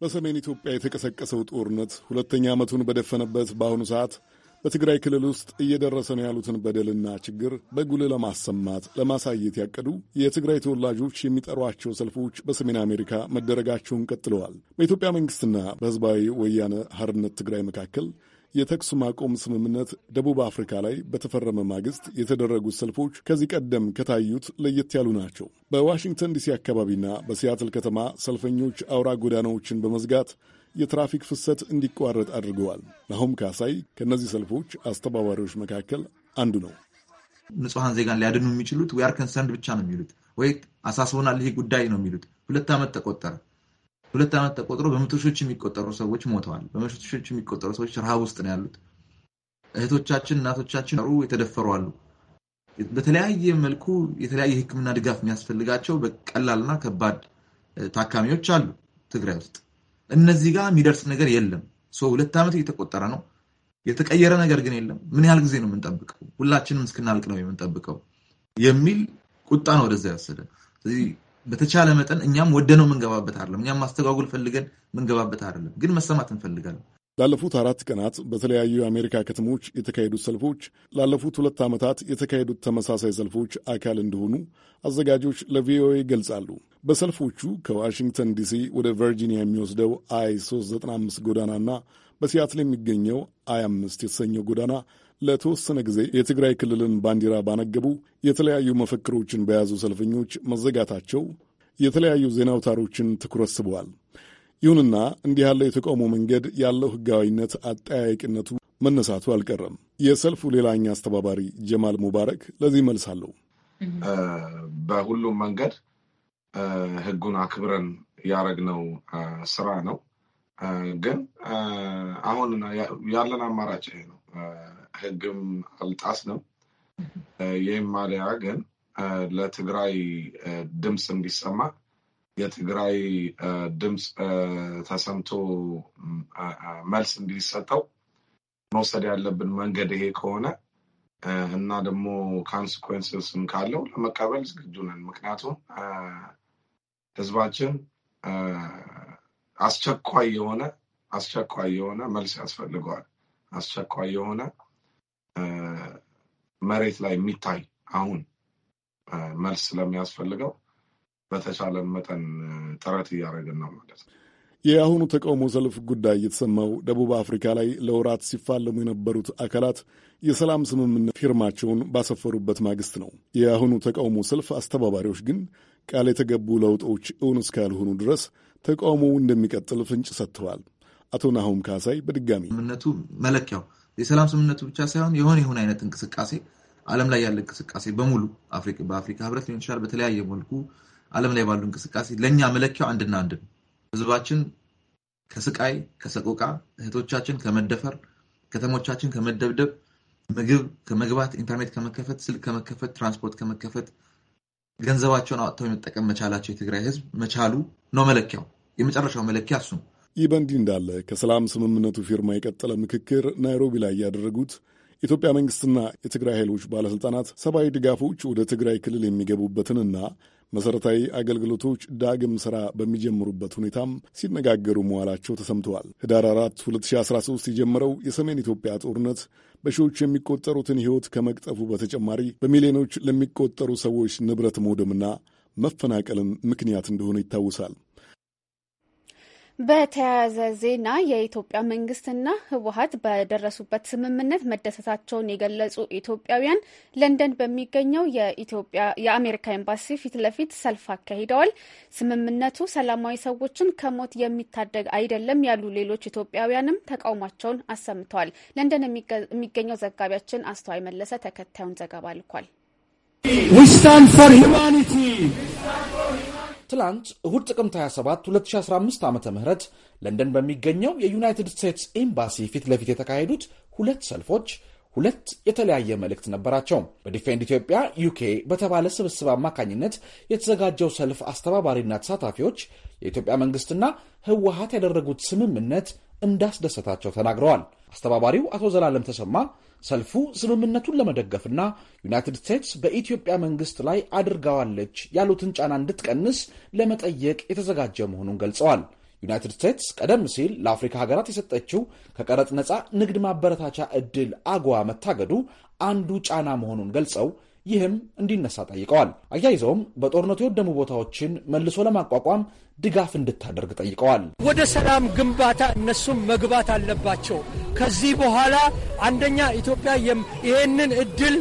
በሰሜን ኢትዮጵያ የተቀሰቀሰው ጦርነት ሁለተኛ ዓመቱን በደፈነበት በአሁኑ ሰዓት በትግራይ ክልል ውስጥ እየደረሰ ነው ያሉትን በደልና ችግር በጉልህ ለማሰማት ለማሳየት ያቀዱ የትግራይ ተወላጆች የሚጠሯቸው ሰልፎች በሰሜን አሜሪካ መደረጋቸውን ቀጥለዋል። በኢትዮጵያ መንግስትና በህዝባዊ ወያነ ሐርነት ትግራይ መካከል የተኩስ ማቆም ስምምነት ደቡብ አፍሪካ ላይ በተፈረመ ማግስት የተደረጉት ሰልፎች ከዚህ ቀደም ከታዩት ለየት ያሉ ናቸው። በዋሽንግተን ዲሲ አካባቢና በሲያትል ከተማ ሰልፈኞች አውራ ጎዳናዎችን በመዝጋት የትራፊክ ፍሰት እንዲቋረጥ አድርገዋል። ናሆም ካሳይ ከእነዚህ ሰልፎች አስተባባሪዎች መካከል አንዱ ነው። ንጹሐን ዜጋን ሊያድኑ የሚችሉት ዊያር ከንሰርንድ ብቻ ነው የሚሉት ወይ አሳስቦናል ይህ ጉዳይ ነው የሚሉት። ሁለት ዓመት ተቆጠረ። ሁለት ዓመት ተቆጥሮ በመቶ ሺዎች የሚቆጠሩ ሰዎች ሞተዋል። በመቶ ሺዎች የሚቆጠሩ ሰዎች ረሃብ ውስጥ ነው ያሉት። እህቶቻችን፣ እናቶቻችን ሩ የተደፈሩ አሉ። በተለያየ መልኩ የተለያየ ሕክምና ድጋፍ የሚያስፈልጋቸው በቀላልና ከባድ ታካሚዎች አሉ ትግራይ ውስጥ እነዚህ ጋር የሚደርስ ነገር የለም። ሁለት ዓመት እየተቆጠረ ነው። የተቀየረ ነገር ግን የለም። ምን ያህል ጊዜ ነው የምንጠብቀው? ሁላችንም እስክናልቅ ነው የምንጠብቀው የሚል ቁጣ ነው ወደዛ ያወሰደ። ስለዚህ በተቻለ መጠን እኛም ወደ ነው የምንገባበት አይደለም። እኛም ማስተጓጉል ፈልገን የምንገባበት አይደለም፣ ግን መሰማት እንፈልጋለን። ላለፉት አራት ቀናት በተለያዩ የአሜሪካ ከተሞች የተካሄዱት ሰልፎች ላለፉት ሁለት ዓመታት የተካሄዱት ተመሳሳይ ሰልፎች አካል እንደሆኑ አዘጋጆች ለቪኦኤ ይገልጻሉ። በሰልፎቹ ከዋሽንግተን ዲሲ ወደ ቨርጂኒያ የሚወስደው አይ 395 ጎዳናና በሲያትል የሚገኘው አይ አምስት የተሰኘው ጎዳና ለተወሰነ ጊዜ የትግራይ ክልልን ባንዲራ ባነገቡ የተለያዩ መፈክሮችን በያዙ ሰልፈኞች መዘጋታቸው የተለያዩ ዜና አውታሮችን ትኩረት ስበዋል። ይሁንና እንዲህ ያለው የተቃውሞ መንገድ ያለው ህጋዊነት አጠያያቂነቱ መነሳቱ አልቀረም። የሰልፉ ሌላኛ አስተባባሪ ጀማል ሙባረክ ለዚህ መልስ በሁሉም መንገድ ህጉን አክብረን ያደረግነው ስራ ነው። ግን አሁን ያለን አማራጭ ይሄ ነው። ሕግም አልጣስንም። ይህም ማሊያ ግን ለትግራይ ድምፅ እንዲሰማ የትግራይ ድምፅ ተሰምቶ መልስ እንዲሰጠው መውሰድ ያለብን መንገድ ይሄ ከሆነ እና ደግሞ ካንስኮንስስም ካለው ለመቀበል ዝግጁ ነን። ምክንያቱም ህዝባችን አስቸኳይ የሆነ አስቸኳይ የሆነ መልስ ያስፈልገዋል። አስቸኳይ የሆነ መሬት ላይ የሚታይ አሁን መልስ ስለሚያስፈልገው በተቻለ መጠን ጥረት እያደረግን ነው ማለት ነው። የአሁኑ ተቃውሞ ሰልፍ ጉዳይ የተሰማው ደቡብ አፍሪካ ላይ ለወራት ሲፋለሙ የነበሩት አካላት የሰላም ስምምነት ፊርማቸውን ባሰፈሩበት ማግስት ነው። የአሁኑ ተቃውሞ ሰልፍ አስተባባሪዎች ግን ቃል የተገቡ ለውጦች እውን እስካልሆኑ ድረስ ተቃውሞው እንደሚቀጥል ፍንጭ ሰጥተዋል። አቶ ናሆም ካሳይ በድጋሚ ስምምነቱ መለኪያው የሰላም ስምምነቱ ብቻ ሳይሆን የሆነ የሆነ አይነት እንቅስቃሴ ዓለም ላይ ያለ እንቅስቃሴ በሙሉ በአፍሪካ ህብረት ሊሆን ይችላል በተለያየ መልኩ ዓለም ላይ ባሉ እንቅስቃሴ ለእኛ መለኪያው አንድና አንድ ነው። ህዝባችን ከስቃይ ከሰቆቃ፣ እህቶቻችን ከመደፈር፣ ከተሞቻችን ከመደብደብ፣ ምግብ ከመግባት፣ ኢንተርኔት ከመከፈት፣ ስልክ ከመከፈት፣ ትራንስፖርት ከመከፈት፣ ገንዘባቸውን አውጥተው የመጠቀም መቻላቸው የትግራይ ህዝብ መቻሉ ነው መለኪያው። የመጨረሻው መለኪያ እሱ ነው። ይህ በእንዲህ እንዳለ ከሰላም ስምምነቱ ፊርማ የቀጠለ ምክክር ናይሮቢ ላይ ያደረጉት የኢትዮጵያ መንግስትና የትግራይ ኃይሎች ባለስልጣናት ሰብአዊ ድጋፎች ወደ ትግራይ ክልል የሚገቡበትንና መሠረታዊ አገልግሎቶች ዳግም ሥራ በሚጀምሩበት ሁኔታም ሲነጋገሩ መዋላቸው ተሰምተዋል። ህዳር 4 2013 የጀመረው የሰሜን ኢትዮጵያ ጦርነት በሺዎች የሚቆጠሩትን ሕይወት ከመቅጠፉ በተጨማሪ በሚሊዮኖች ለሚቆጠሩ ሰዎች ንብረት መውደምና መፈናቀልን ምክንያት እንደሆነ ይታወሳል። በተያያዘ ዜና የኢትዮጵያ መንግስትና ህወሀት በደረሱበት ስምምነት መደሰታቸውን የገለጹ ኢትዮጵያውያን ለንደን በሚገኘው የኢትዮጵያ የአሜሪካ ኤምባሲ ፊት ለፊት ሰልፍ አካሂደዋል። ስምምነቱ ሰላማዊ ሰዎችን ከሞት የሚታደግ አይደለም ያሉ ሌሎች ኢትዮጵያውያንም ተቃውሟቸውን አሰምተዋል። ለንደን የሚገኘው ዘጋቢያችን አስተዋይ መለሰ ተከታዩን ዘገባ ልኳል። ዊ ስታንድ ፎር ሂውማኒቲ ትላንት እሁድ ጥቅምት 27 2015 ዓ ም ለንደን በሚገኘው የዩናይትድ ስቴትስ ኤምባሲ ፊት ለፊት የተካሄዱት ሁለት ሰልፎች ሁለት የተለያየ መልእክት ነበራቸው። በዲፌንድ ኢትዮጵያ ዩኬ በተባለ ስብስብ አማካኝነት የተዘጋጀው ሰልፍ አስተባባሪና ተሳታፊዎች የኢትዮጵያ መንግስትና ህወሀት ያደረጉት ስምምነት እንዳስደሰታቸው ተናግረዋል። አስተባባሪው አቶ ዘላለም ተሰማ ሰልፉ ስምምነቱን ለመደገፍና ዩናይትድ ስቴትስ በኢትዮጵያ መንግስት ላይ አድርጋዋለች ያሉትን ጫና እንድትቀንስ ለመጠየቅ የተዘጋጀ መሆኑን ገልጸዋል። ዩናይትድ ስቴትስ ቀደም ሲል ለአፍሪካ ሀገራት የሰጠችው ከቀረጥ ነፃ ንግድ ማበረታቻ ዕድል አጓ መታገዱ አንዱ ጫና መሆኑን ገልጸው ይህም እንዲነሳ ጠይቀዋል። አያይዘውም በጦርነቱ የወደሙ ቦታዎችን መልሶ ለማቋቋም ድጋፍ እንድታደርግ ጠይቀዋል። ወደ ሰላም ግንባታ እነሱም መግባት አለባቸው። ከዚህ በኋላ አንደኛ ኢትዮጵያ ይህንን እድል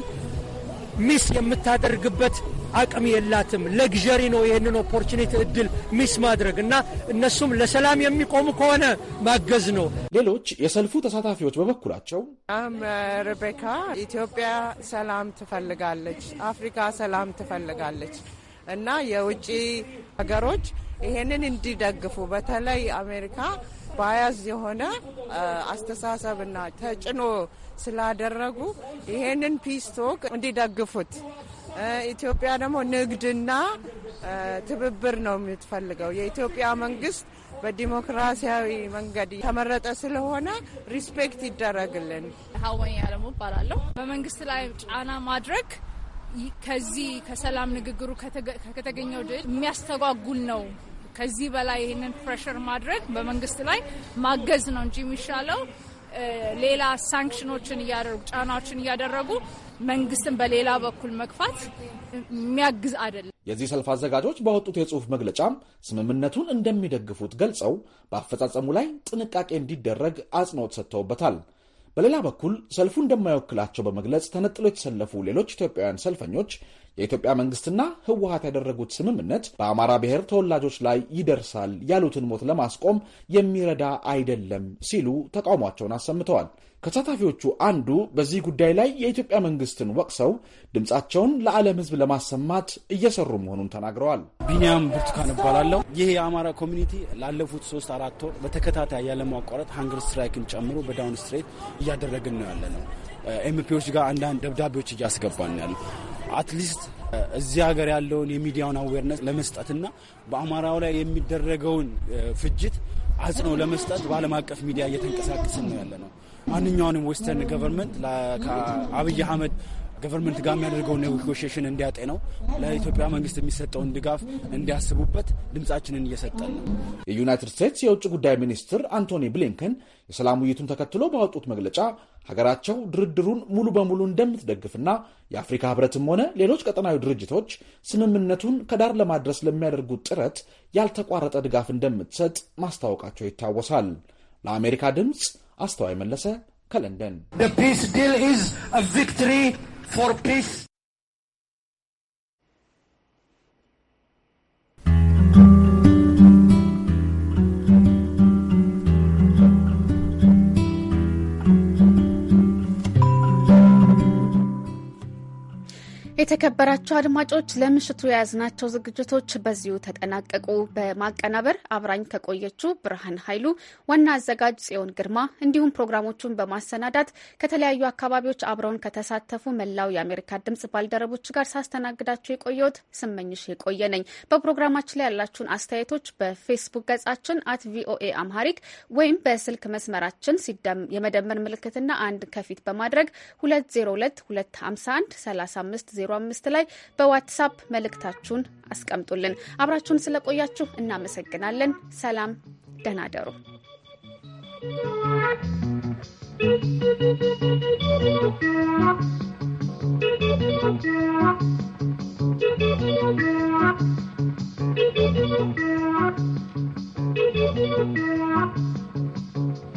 ሚስ የምታደርግበት አቅም የላትም። ለግዠሪ ነው ይህንን ኦፖርቹኒቲ እድል ሚስ ማድረግ እና እነሱም ለሰላም የሚቆሙ ከሆነ ማገዝ ነው። ሌሎች የሰልፉ ተሳታፊዎች በበኩላቸው አም ኢትዮጵያ ሰላም ትፈልጋለች፣ አፍሪካ ሰላም ትፈልጋለች እና የውጭ ሀገሮች ይሄንን እንዲደግፉ በተለይ አሜሪካ ባያዝ የሆነ አስተሳሰብና ተጭኖ ስላደረጉ ይሄንን ፒስ ቶክ እንዲደግፉት ኢትዮጵያ ደግሞ ንግድና ትብብር ነው የምትፈልገው። የኢትዮጵያ መንግስት በዲሞክራሲያዊ መንገድ ተመረጠ ስለሆነ ሪስፔክት ይደረግልን። ሀወን ያለሙ እባላለሁ። በመንግስት ላይ ጫና ማድረግ ከዚህ ከሰላም ንግግሩ ከተገኘው ድል የሚያስተጓጉል ነው። ከዚህ በላይ ይህንን ፕሬሽር ማድረግ በመንግስት ላይ ማገዝ ነው እንጂ የሚሻለው ሌላ ሳንክሽኖችን እያደረጉ ጫናዎችን እያደረጉ መንግስትን በሌላ በኩል መግፋት የሚያግዝ አይደለም። የዚህ ሰልፍ አዘጋጆች በወጡት የጽሁፍ መግለጫም ስምምነቱን እንደሚደግፉት ገልጸው በአፈጻጸሙ ላይ ጥንቃቄ እንዲደረግ አጽንኦት ሰጥተውበታል። በሌላ በኩል ሰልፉ እንደማይወክላቸው በመግለጽ ተነጥሎ የተሰለፉ ሌሎች ኢትዮጵያውያን ሰልፈኞች የኢትዮጵያ መንግስትና ህወሀት ያደረጉት ስምምነት በአማራ ብሔር ተወላጆች ላይ ይደርሳል ያሉትን ሞት ለማስቆም የሚረዳ አይደለም ሲሉ ተቃውሟቸውን አሰምተዋል። ከተሳታፊዎቹ አንዱ በዚህ ጉዳይ ላይ የኢትዮጵያ መንግስትን ወቅሰው ድምፃቸውን ለዓለም ሕዝብ ለማሰማት እየሰሩ መሆኑን ተናግረዋል። ቢኒያም ብርቱካን እባላለሁ። ይህ የአማራ ኮሚኒቲ ላለፉት ሶስት አራት ወር በተከታታይ ያለማቋረጥ ሀንግር ስትራይክን ጨምሮ በዳውን ስትሬት እያደረግን ነው ያለ ነው። ኤምፒዎች ጋር አንዳንድ ደብዳቤዎች እያስገባን ያለ አትሊስት uh, እዚህ ሀገር ያለውን የሚዲያውን አዌርነስ ለመስጠትና በአማራው ላይ የሚደረገውን uh, ፍጅት አጽንኦ ለመስጠት በዓለም አቀፍ ሚዲያ እየተንቀሳቀስን ነው ያለ ነው። ማንኛውንም ዌስተርን ገቨርንመንት ከአብይ አህመድ ገቨርንመንት ጋር የሚያደርገው ኔጎሽሽን እንዲያጤ ነው። ለኢትዮጵያ መንግስት የሚሰጠውን ድጋፍ እንዲያስቡበት ድምፃችንን እየሰጠን ነው። የዩናይትድ ስቴትስ የውጭ ጉዳይ ሚኒስትር አንቶኒ ብሊንከን የሰላም ውይይቱን ተከትሎ ባወጡት መግለጫ ሀገራቸው ድርድሩን ሙሉ በሙሉ እንደምትደግፍና የአፍሪካ ህብረትም ሆነ ሌሎች ቀጠናዊ ድርጅቶች ስምምነቱን ከዳር ለማድረስ ለሚያደርጉት ጥረት ያልተቋረጠ ድጋፍ እንደምትሰጥ ማስታወቃቸው ይታወሳል። ለአሜሪካ ድምፅ አስተዋይ መለሰ ከለንደን የተከበራቸው አድማጮች ለምሽቱ የያዝናቸው ዝግጅቶች በዚሁ ተጠናቀቁ። በማቀናበር አብራኝ ከቆየችው ብርሃን ኃይሉ፣ ዋና አዘጋጅ ጽዮን ግርማ እንዲሁም ፕሮግራሞቹን በማሰናዳት ከተለያዩ አካባቢዎች አብረውን ከተሳተፉ መላው የአሜሪካ ድምጽ ባልደረቦች ጋር ሳስተናግዳቸው የቆየሁት ስመኝሽ የቆየ ነኝ። በፕሮግራማችን ላይ ያላችሁን አስተያየቶች በፌስቡክ ገጻችን አት ቪኦኤ አምሃሪክ ወይም በስልክ መስመራችን የመደመር ምልክትና አንድ ከፊት በማድረግ 202 251 35 አምስት ላይ በዋትሳፕ መልእክታችሁን አስቀምጡልን። አብራችሁን ስለቆያችሁ እናመሰግናለን። ሰላም፣ ደህና ደሩ።